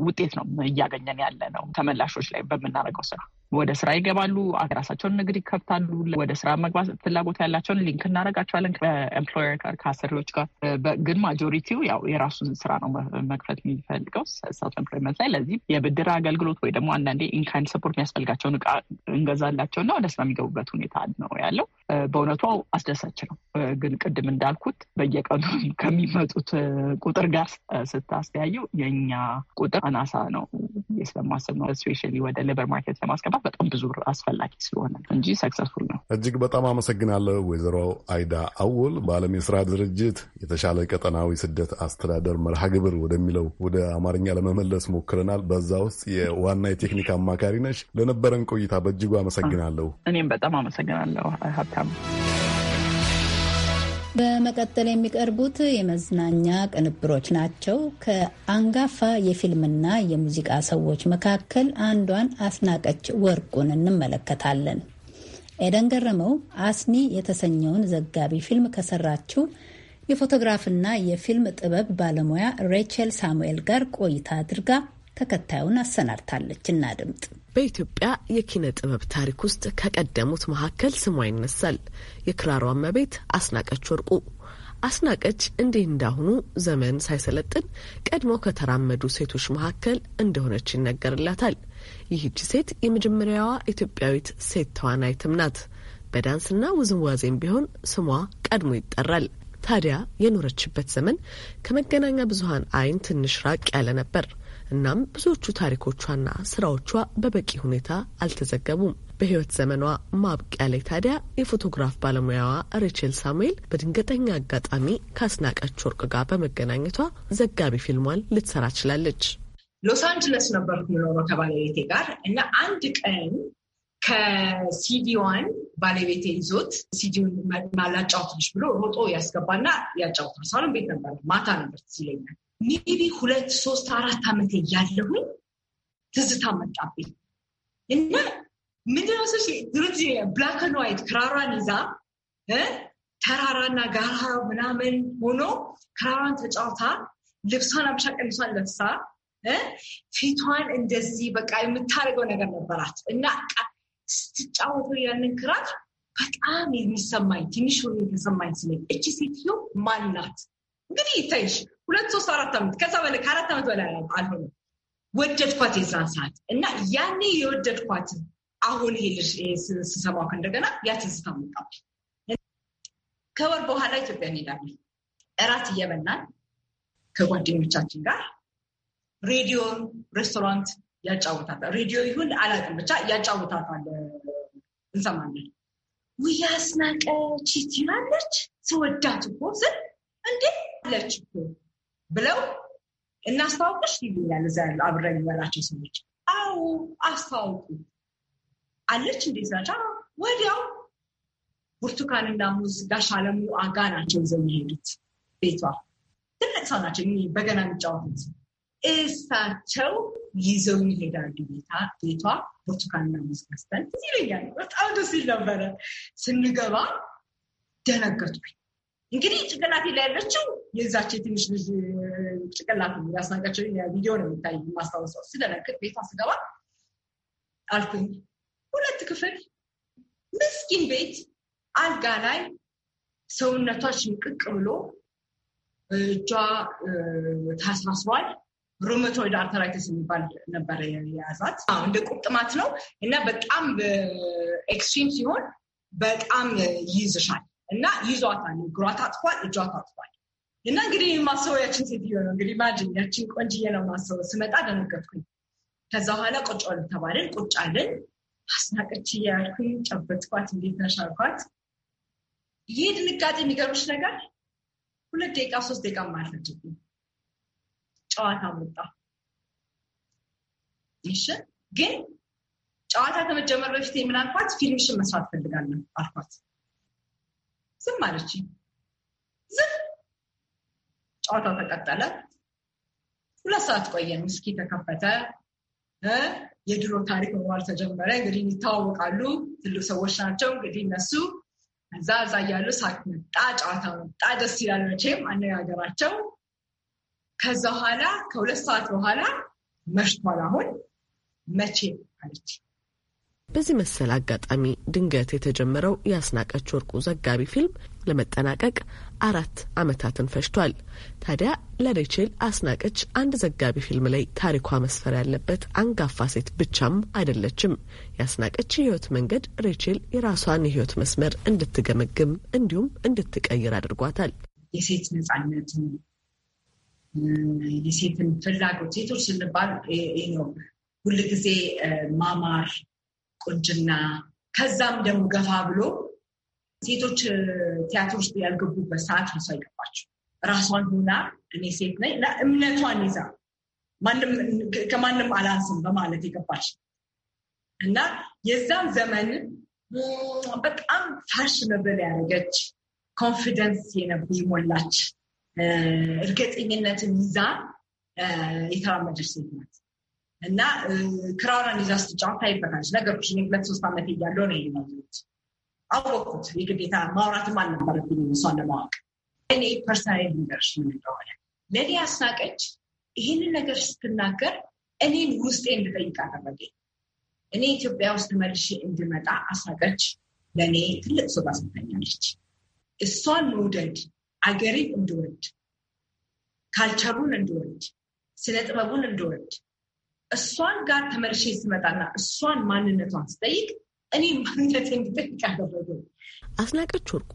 ውጤት ነው እያገኘን ያለ ነው ተመላሾች ላይ በምናደርገው ስራ ወደ ስራ ይገባሉ። የራሳቸውን ንግድ ይከፍታሉ። ወደ ስራ መግባት ፍላጎት ያላቸውን ሊንክ እናደርጋቸዋለን ከኤምፕሎየር ጋር ከአሰሪዎች ጋር። ግን ማጆሪቲው ያው የራሱን ስራ ነው መክፈት የሚፈልገው ሰልፍ ኤምፕሎይመንት ላይ። ለዚህ የብድር አገልግሎት ወይ ደግሞ አንዳንዴ ኢንካይንድ ሰፖርት የሚያስፈልጋቸውን እቃ እንገዛላቸው እና ወደ ስራ የሚገቡበት ሁኔታ ነው ያለው። በእውነቱ አስደሳች ነው። ግን ቅድም እንዳልኩት በየቀኑ (laughs) ከሚመጡት ቁጥር ጋር ስታስተያየው የእኛ ቁጥር አናሳ ነው ስለማስብ ነው ስፔሻሊ ወደ ሌበር ማርኬት ለማስገባት በጣም ብዙ አስፈላጊ ስለሆነ እንጂ ሰክሰስፉል ነው። እጅግ በጣም አመሰግናለሁ ወይዘሮ አይዳ አውል በዓለም የስራ ድርጅት የተሻለ ቀጠናዊ ስደት አስተዳደር መርሃ ግብር ወደሚለው ወደ አማርኛ ለመመለስ ሞክረናል። በዛ ውስጥ የዋና የቴክኒክ አማካሪ ነሽ። ለነበረን ቆይታ በእጅጉ አመሰግናለሁ። እኔም በጣም አመሰግናለሁ ሀብታም በመቀጠል የሚቀርቡት የመዝናኛ ቅንብሮች ናቸው። ከአንጋፋ የፊልምና የሙዚቃ ሰዎች መካከል አንዷን አስናቀች ወርቁን እንመለከታለን። ኤደን ገረመው አስኒ የተሰኘውን ዘጋቢ ፊልም ከሰራችው የፎቶግራፍና የፊልም ጥበብ ባለሙያ ሬቸል ሳሙኤል ጋር ቆይታ አድርጋ ተከታዩን አሰናድታለች። እናድምጥ። በኢትዮጵያ የኪነ ጥበብ ታሪክ ውስጥ ከቀደሙት መካከል ስሟ ይነሳል። የክራሯ እመቤት አስናቀች ወርቁ። አስናቀች እንዲህ እንዳሁኑ ዘመን ሳይሰለጥን ቀድሞ ከተራመዱ ሴቶች መካከል እንደሆነች ይነገርላታል። ይህች ሴት የመጀመሪያዋ ኢትዮጵያዊት ሴት ተዋናይትም ናት። በዳንስና ውዝዋዜም ቢሆን ስሟ ቀድሞ ይጠራል። ታዲያ የኖረችበት ዘመን ከመገናኛ ብዙኃን አይን ትንሽ ራቅ ያለ ነበር። እናም ብዙዎቹ ታሪኮቿና ስራዎቿ በበቂ ሁኔታ አልተዘገቡም። በህይወት ዘመኗ ማብቂያ ላይ ታዲያ የፎቶግራፍ ባለሙያዋ ሬቼል ሳሙኤል በድንገተኛ አጋጣሚ ከአስናቀች ወርቅ ጋር በመገናኘቷ ዘጋቢ ፊልሟን ልትሰራ ችላለች። ሎስ አንጅለስ ነበርኩ የምኖረው ከባለቤቴ ጋር እና አንድ ቀን ከሲዲዋን ባለቤቴ ይዞት ሲዲውን ማላጫውትልሽ ብሎ ሮጦ ያስገባና ያጫውታል። ሳሎን ቤት ነበር፣ ማታ ነበር ትዝ ሜቢ ሁለት ሶስት አራት ዓመት ያለሁኝ ትዝታ መጣብኝ እና ምንድነው ሰ ድርጅ ብላክ ኤንድ ዋይት ክራሯን ይዛ ተራራና ጋራ ምናምን ሆኖ ክራሯን ተጫውታ ልብሷን አብሻ ቀሚሷን ለብሳ ፊቷን እንደዚህ በቃ የምታደርገው ነገር ነበራት እና ስትጫወቱ ያንን ክራር በጣም የሚሰማኝ ትንሽ ሆኖ የተሰማኝ ስለ እቺ ሴትዮ ማን ናት እንግዲህ ይተይሽ ሁለት ሶስት አራት ዓመት ከዛ በላይ ከአራት ዓመት በላይ አልሆነም። ወደድኳት የዛን ሰዓት እና ያኔ የወደድኳት አሁን ይሄ ልጅ ስሰማው እንደገና ያትንስታ መጣ ከወር በኋላ ኢትዮጵያ እንሄዳለን። እራት እየበላን ከጓደኞቻችን ጋር ሬዲዮ ሬስቶራንት ያጫውታታል። ሬዲዮ ይሁን አላውቅም፣ ብቻ ያጫውታታል። እንሰማለን። ውይ አስናቀች ትላለች። ስወዳት እኮ ስል እንዴ አለች ብለው እናስታውቅሽ ይሉኛል። እዛ ያሉ አብረን የሚበላቸው ሰዎች አዎ አስታውቁ አለች እንዴ ናቸው? ወዲያው ብርቱካንና ሙዝ ጋሽ አለሙ አጋ ናቸው ይዘው የሄዱት ቤቷ። ትልቅ ሰው ናቸው፣ በገና የሚጫወቱት እሳቸው ይዘው ይሄዳሉ ቤቷ። ብርቱካንና ሙዝ ገዝተን ይለኛል። በጣም ደስ ይል ነበረ። ስንገባ ደነገጡ። እንግዲህ ጭንቅላቴ ላይ ያለችው የዛች የትንሽ ልጅ ጭቅላት ያስናቀቸው ቪዲዮ ነው የሚታይ የማስታወሰው። ስለነቅጥ ቤቷ ስገባ አልኩኝ። ሁለት ክፍል ምስኪን ቤት አልጋ ላይ ሰውነቷ ሽንቅቅ ብሎ እጇ ታሳስሯል። ሮመቶይድ አርተራይተስ የሚባል ነበረ የያዛት። እንደ ቁርጥማት ነው እና በጣም ኤክስትሪም ሲሆን በጣም ይይዝሻል እና ይዟታል። እግሯ ታጥፏል፣ እጇ ታጥፏል። እና እንግዲህ ማስበው ያችን ሴትዮ ነው እንግዲህ ማጅን ያችን ቆንጅዬ ነው ማስበው። ስመጣ ደነገጥኩኝ። ከዛ በኋላ ቁጭ በሉ ተባልን። ቁጭ አልን። አስናቀች እያልኩኝ ጨበጥኳት። እንዴት ነሽ አልኳት። ይህ ድንጋጤ የሚገርምሽ ነገር ሁለት ደቂቃ ሶስት ደቂቃ ማልፈጅብኝ ጨዋታ መጣ። እሺ ግን ጨዋታ ከመጀመር በፊት የምን አልኳት፣ ፊልምሽን መስራት ፈልጋለሁ አልኳት። ዝም አለች ዝም ጨዋታው ተቀጠለ። ሁለት ሰዓት ቆየን። ውስኪ ተከፈተ። የድሮ ታሪክ መዋል ተጀመረ። እንግዲህ ይታወቃሉ፣ ትልቅ ሰዎች ናቸው። እንግዲህ እነሱ እዛ እዛ እያሉ ሳቅ መጣ፣ ጨዋታ መጣ። ደስ ይላል መቼም አነጋገራቸው። ከዛ በኋላ ከሁለት ሰዓት በኋላ መሽቷል፣ አሁን መቼ አለች በዚህ መሰል አጋጣሚ ድንገት የተጀመረው የአስናቀች ወርቁ ዘጋቢ ፊልም ለመጠናቀቅ አራት ዓመታትን ፈጅቷል። ታዲያ ለሬቼል አስናቀች አንድ ዘጋቢ ፊልም ላይ ታሪኳ መስፈር ያለበት አንጋፋ ሴት ብቻም አይደለችም። የአስናቀች የህይወት መንገድ ሬቼል የራሷን የህይወት መስመር እንድትገመግም እንዲሁም እንድትቀይር አድርጓታል። የሴት ነጻነትን፣ የሴትን ፍላጎት ሴቶች ስንባል ሁልጊዜ ማማር ቁንጅና ከዛም ደግሞ ገፋ ብሎ ሴቶች ቲያትር ውስጥ ያልገቡበት ሰዓት እሷ አይገባቸው ራሷን ሆና እኔ ሴት ነኝ እና እምነቷን ይዛ ከማንም አላንስም በማለት የገባች እና የዛም ዘመን በጣም ፋሽነብል ያደረገች ኮንፊደንስ የነብ የሞላች እርግጠኝነትን ይዛ የተራመደች ሴት ናት። እና ክራውናን ይዛ ስትጫወት ይበታች ነገሮች ሁለት ሶስት ዓመት እያለሁ ነው የመት አወቅኩት። የግዴታ ማውራትም አልነበረብኝ እሷን ለማወቅ እኔ ፐርሰናል ነገሮች ምን እንደሆነ ለእኔ አስናቀች። ይህንን ነገር ስትናገር እኔን ውስጤ እንድጠይቅ አደረገኝ። እኔ ኢትዮጵያ ውስጥ መልሼ እንድመጣ አስናቀች ለእኔ ትልቅ ሰው ባሰተኛለች። እሷን መውደድ አገሬን እንድወድ፣ ካልቸሩን እንድወድ፣ ስነ ጥበቡን እንድወድ እሷን ጋር ተመልሼ ስመጣና እሷን ማንነቷን ስጠይቅ እኔ ማንነቴን እንድጠይቅ አደረገ። አስናቀች ወርቁ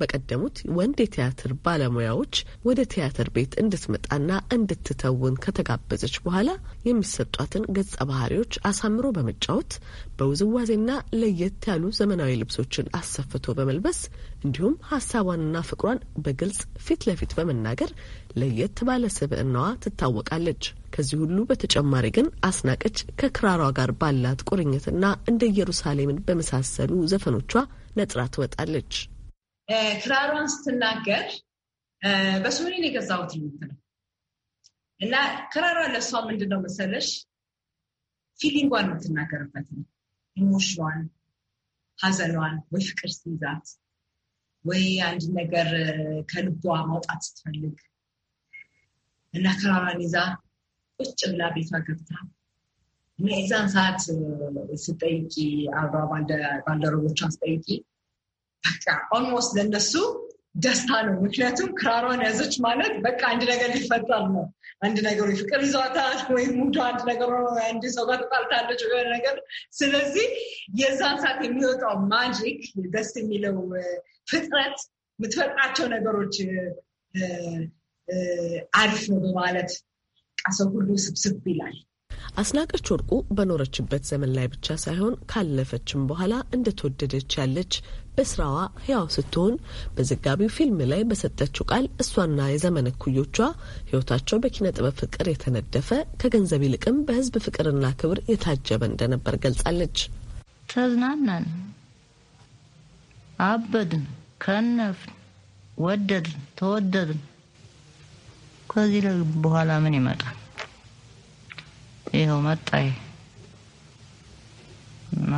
በቀደሙት ወንድ የቲያትር ባለሙያዎች ወደ ቲያትር ቤት እንድትመጣና እንድትተውን ከተጋበዘች በኋላ የሚሰጧትን ገጸ ባህሪዎች አሳምሮ በመጫወት በውዝዋዜና ለየት ያሉ ዘመናዊ ልብሶችን አሰፍቶ በመልበስ እንዲሁም ሀሳቧንና ፍቅሯን በግልጽ ፊት ለፊት በመናገር ለየት ባለ ስብዕናዋ ትታወቃለች። ከዚህ ሁሉ በተጨማሪ ግን አስናቀች ከክራሯ ጋር ባላት ቁርኝትና እንደ ኢየሩሳሌምን በመሳሰሉ ዘፈኖቿ ነጥራ ትወጣለች። ክራሯን ስትናገር በሶኔን የገዛሁት ምት ነው እና ክራሯ ለእሷ ምንድነው መሰለሽ ፊሊንጓን የምትናገርበት ነው። ኢሞሽኗን፣ ሀዘኗን ወይ ፍቅር ሲይዛት ወይ አንድ ነገር ከልቧ ማውጣት ስትፈልግ እና ክራሯን ይዛ ቁጭ ብላ ቤቷ ገብታ እና የዛን ሰዓት ስጠይቂ አብሯ ባልደረቦቿን ስጠይቂ በቃ ኦልሞስት ለነሱ ደስታ ነው። ምክንያቱም ክራሯን ያዘች ማለት በቃ አንድ ነገር ሊፈጠር ነው። አንድ ነገሩ ፍቅር ይዟታል ወይ ሙዶ አንድ ነገር አንድ ሰው ጋር ተጣልታለች የሆነ ነገር። ስለዚህ የዛን ሰዓት የሚወጣው ማጂክ ደስ የሚለው ፍጥረት የምትፈጥራቸው ነገሮች አሪፍ ነው በማለት ቃ ሁሉ ስብስብ ይላል። አስናቀች ወርቁ በኖረችበት ዘመን ላይ ብቻ ሳይሆን ካለፈችም በኋላ እንደተወደደች ያለች በስራዋ ህያው ስትሆን በዘጋቢው ፊልም ላይ በሰጠችው ቃል እሷና የዘመን እኩዮቿ ህይወታቸው በኪነ ጥበብ ፍቅር የተነደፈ ከገንዘብ ይልቅም በህዝብ ፍቅርና ክብር የታጀበ እንደነበር ገልጻለች። ተዝናናን፣ አበድን፣ ከነፍን፣ ወደድን፣ ተወደድን። ከዚህ በኋላ ምን ይመጣል? ይኸው መጣይ እና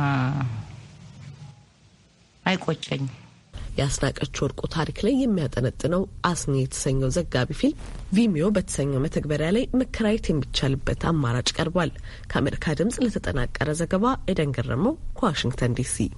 አይቆጨኝ። የአስናቀች ወርቁ ታሪክ ላይ የሚያጠነጥነው አስኒ የተሰኘው ዘጋቢ ፊልም ቪሚዮ በተሰኘው መተግበሪያ ላይ መከራየት የሚቻልበት አማራጭ ቀርቧል። ከአሜሪካ ድምጽ ለተጠናቀረ ዘገባ ኤደን ገረመው ከዋሽንግተን ዲሲ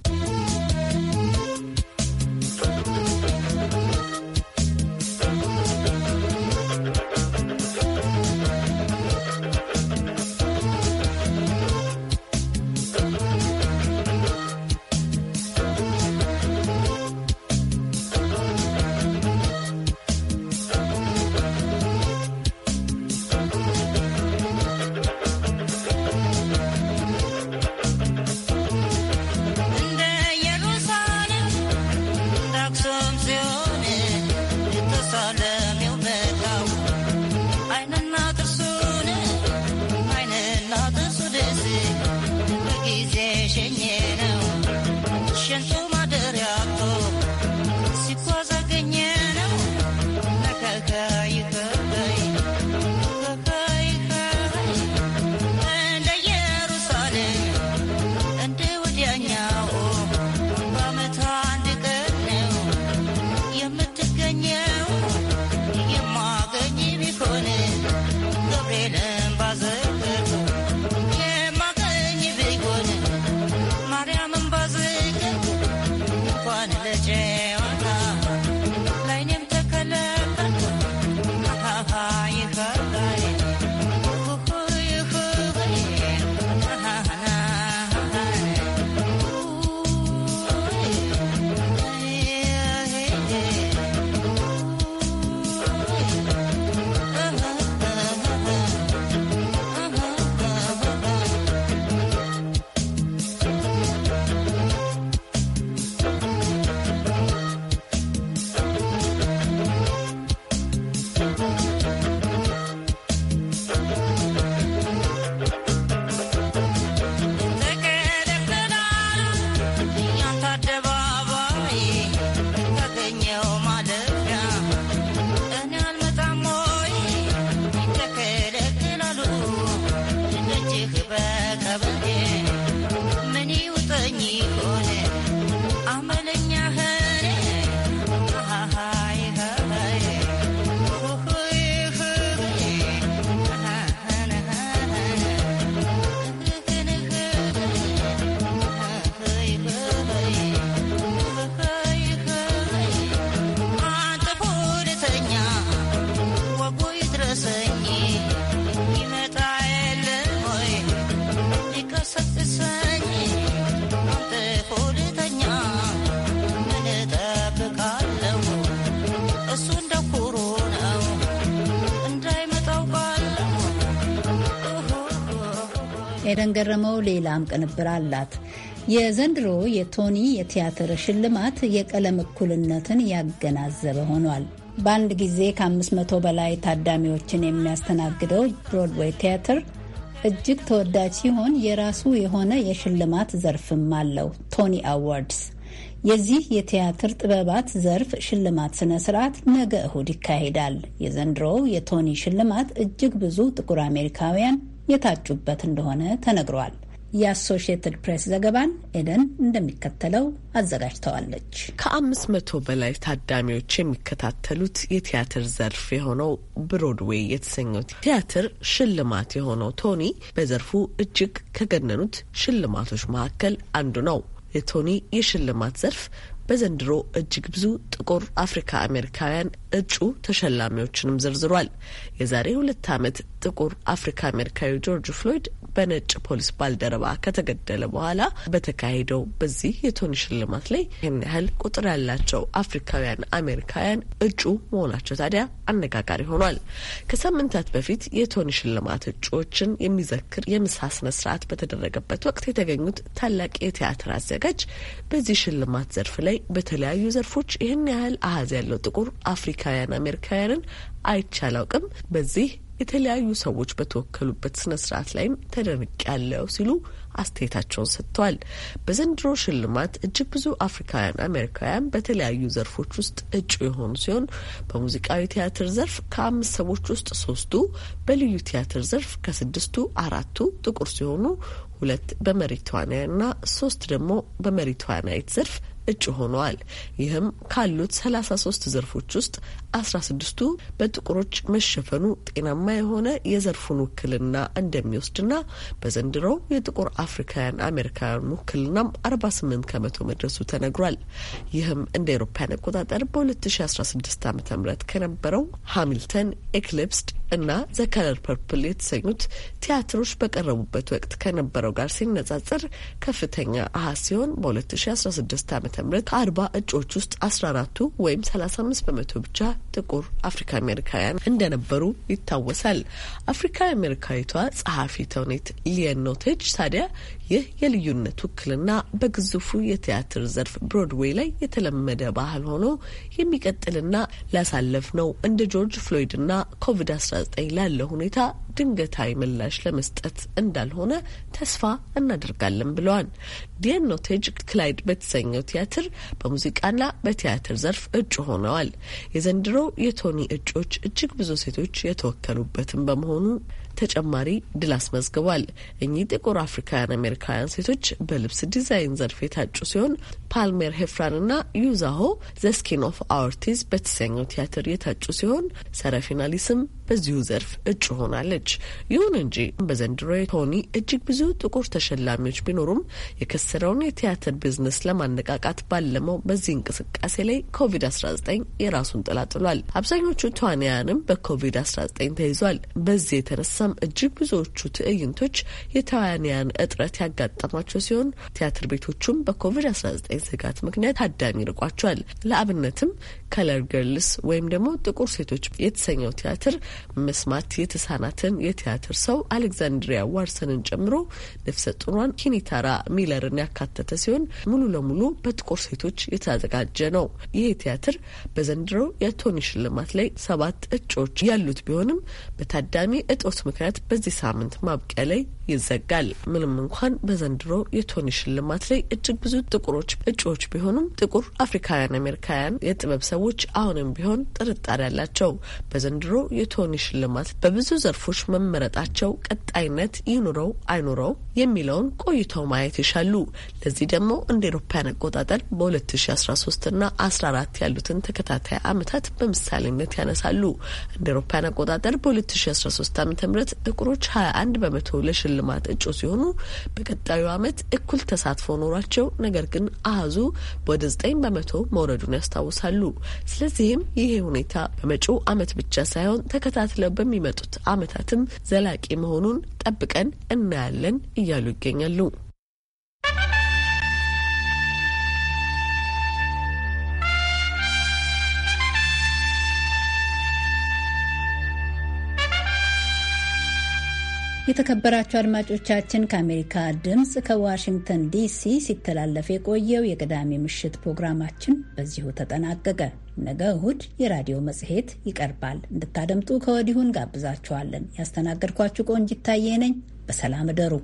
ኤደን ገረመው ሌላም ቅንብር አላት። የዘንድሮ የቶኒ የቲያትር ሽልማት የቀለም እኩልነትን ያገናዘበ ሆኗል። በአንድ ጊዜ ከ500 በላይ ታዳሚዎችን የሚያስተናግደው ብሮድዌይ ቲያትር እጅግ ተወዳጅ ሲሆን የራሱ የሆነ የሽልማት ዘርፍም አለው፣ ቶኒ አዋርድስ። የዚህ የቲያትር ጥበባት ዘርፍ ሽልማት ስነ ስርዓት ነገ እሁድ ይካሄዳል። የዘንድሮው የቶኒ ሽልማት እጅግ ብዙ ጥቁር አሜሪካውያን የታጩበት እንደሆነ ተነግሯል። የአሶሺየትድ ፕሬስ ዘገባን ኤደን እንደሚከተለው አዘጋጅተዋለች። ከአምስት መቶ በላይ ታዳሚዎች የሚከታተሉት የቲያትር ዘርፍ የሆነው ብሮድዌይ የተሰኘው ቲያትር ሽልማት የሆነው ቶኒ በዘርፉ እጅግ ከገነኑት ሽልማቶች መካከል አንዱ ነው። የቶኒ የሽልማት ዘርፍ በዘንድሮ እጅግ ብዙ ጥቁር አፍሪካ አሜሪካውያን እጩ ተሸላሚዎችንም ዘርዝሯል። የዛሬ ሁለት ዓመት ጥቁር አፍሪካ አሜሪካዊ ጆርጅ ፍሎይድ በነጭ ፖሊስ ባልደረባ ከተገደለ በኋላ በተካሄደው በዚህ የቶኒ ሽልማት ላይ ይህን ያህል ቁጥር ያላቸው አፍሪካውያን አሜሪካውያን እጩ መሆናቸው ታዲያ አነጋጋሪ ሆኗል። ከሳምንታት በፊት የቶኒ ሽልማት እጩዎችን የሚዘክር የምሳ ስነ ስርዓት በተደረገበት ወቅት የተገኙት ታላቅ የቲያትር አዘጋጅ በዚህ ሽልማት ዘርፍ ላይ በተለያዩ ዘርፎች ይህን ያህል አሀዝ ያለው ጥቁር አፍሪካውያን አሜሪካውያንን አይቼ አላውቅም። በዚህ የተለያዩ ሰዎች በተወከሉበት ስነ ስርዓት ላይም ተደንቅ ያለው ሲሉ አስተያየታቸውን ሰጥተዋል። በዘንድሮ ሽልማት እጅግ ብዙ አፍሪካውያን አሜሪካውያን በተለያዩ ዘርፎች ውስጥ እጩ የሆኑ ሲሆን በሙዚቃዊ ቲያትር ዘርፍ ከአምስት ሰዎች ውስጥ ሶስቱ፣ በልዩ ቲያትር ዘርፍ ከስድስቱ አራቱ ጥቁር ሲሆኑ ሁለት በመሪ ተዋናይና ሶስት ደግሞ በመሪ ተዋናይት ዘርፍ እጩ ሆነዋል። ይህም ካሉት ሰላሳ ሶስት ዘርፎች ውስጥ አስራ ስድስቱ በጥቁሮች መሸፈኑ ጤናማ የሆነ የዘርፉን ውክልና እንደሚወስድና በዘንድሮው የጥቁር አፍሪካውያን አሜሪካውያን ውክልናም አርባ ስምንት ከመቶ መድረሱ ተነግሯል። ይህም እንደ ኤሮፓያን አቆጣጠር በ2016 ዓ ም ከነበረው ሃሚልተን፣ ኤክሊፕስድ እና ዘ ከለር ፐርፕል የተሰኙት ቲያትሮች በቀረቡበት ወቅት ከነበረው ጋር ሲነጻጸር ከፍተኛ አሃዝ ሲሆን በ2016 ዓ ም ከአርባ እጩዎች ውስጥ አስራ አራቱ ወይም 35 በመቶ ብቻ ጥቁር አፍሪካ አሜሪካውያን እንደነበሩ ይታወሳል። አፍሪካ አሜሪካዊቷ ጸሐፊ ተውኔት ሊየን ኖቴጅ ታዲያ ይህ የልዩነት ውክልና በግዙፉ የቲያትር ዘርፍ ብሮድዌይ ላይ የተለመደ ባህል ሆኖ የሚቀጥልና ላሳለፍ ነው እንደ ጆርጅ ፍሎይድና ኮቪድ-19 ላለ ሁኔታ ድንገታዊ ምላሽ ለመስጠት እንዳልሆነ ተስፋ እናደርጋለን ብለዋል። ዲያኖቴጅ ክላይድ በተሰኘው ቲያትር በሙዚቃና በቲያትር ዘርፍ እጩ ሆነዋል። የዘንድሮው የቶኒ እጩዎች እጅግ ብዙ ሴቶች የተወከሉበትን በመሆኑ ተጨማሪ ድል አስመዝግቧል። እኚህ ጥቁር አፍሪካውያን አሜሪካውያን ሴቶች በልብስ ዲዛይን ዘርፍ የታጩ ሲሆን ፓልሜር ሄፍራን እና ዩዛሆ ዘ ስኪን ኦፍ አወርቲዝ በተሰኘው ቲያትር የታጩ ሲሆን ሰረፊናሊስም በዚሁ ዘርፍ እጩ ሆናለች። ይሁን እንጂ በዘንድሮ ቶኒ እጅግ ብዙ ጥቁር ተሸላሚዎች ቢኖሩም የከሰረውን የቲያትር ቢዝነስ ለማነቃቃት ባለመው በዚህ እንቅስቃሴ ላይ ኮቪድ-19 የራሱን ጥላ ጥሏል። አብዛኞቹ ተዋንያንም በኮቪድ-19 ተይዟል። በዚህ የተነሳም እጅግ ብዙዎቹ ትዕይንቶች የተዋንያን እጥረት ያጋጠማቸው ሲሆን ቲያትር ቤቶቹም በኮቪድ-19 ስጋት ምክንያት ታዳሚ ይርቋቸዋል። ለአብነትም ከለር ገርልስ ወይም ደግሞ ጥቁር ሴቶች የተሰኘው ቲያትር መስማት የተሳናትን የቲያትር ሰው አሌክዛንድሪያ ዋርሰንን ጨምሮ ነፍሰ ጡሯን ኪኒታራ ሚለርን ያካተተ ሲሆን ሙሉ ለሙሉ በጥቁር ሴቶች የተዘጋጀ ነው። ይህ ቲያትር በዘንድሮው የቶኒ ሽልማት ላይ ሰባት እጩዎች ያሉት ቢሆንም በታዳሚ እጦት ምክንያት በዚህ ሳምንት ማብቂያ ላይ ይዘጋል። ምንም እንኳን በዘንድሮ የቶኒ ሽልማት ላይ እጅግ ብዙ ጥቁሮች እጩዎች ቢሆኑም ጥቁር አፍሪካውያን አሜሪካውያን የጥበብ ሰው ሰዎች አሁንም ቢሆን ጥርጣሬ አላቸው። በዘንድሮ የቶኒ ሽልማት በብዙ ዘርፎች መመረጣቸው ቀጣይነት ይኑረው አይኑረው የሚለውን ቆይተው ማየት ይሻሉ። ለዚህ ደግሞ እንደ ኤሮፓያን አቆጣጠር በ2013 እና 14 ያሉትን ተከታታይ ዓመታት በምሳሌነት ያነሳሉ። እንደ ኤሮፓያን አቆጣጠር በ2013 ዓ ም ጥቁሮች 21 በመቶ ለሽልማት እጩ ሲሆኑ በቀጣዩ ዓመት እኩል ተሳትፎ ኖሯቸው ነገር ግን አህዙ ወደ 9 በመቶ መውረዱን ያስታውሳሉ። ስለዚህም ይሄ ሁኔታ በመጪው አመት ብቻ ሳይሆን ተከታትለው በሚመጡት አመታትም ዘላቂ መሆኑን ጠብቀን እናያለን እያሉ ይገኛሉ። የተከበራቸው አድማጮቻችን ከአሜሪካ ድምፅ ከዋሽንግተን ዲሲ ሲተላለፍ የቆየው የቅዳሜ ምሽት ፕሮግራማችን በዚሁ ተጠናቀቀ። ነገ እሁድ የራዲዮ መጽሔት ይቀርባል። እንድታደምጡ ከወዲሁን ጋብዛችኋለን። ያስተናገድኳችሁ ቆንጂት ታዬ ነኝ። በሰላም እደሩ።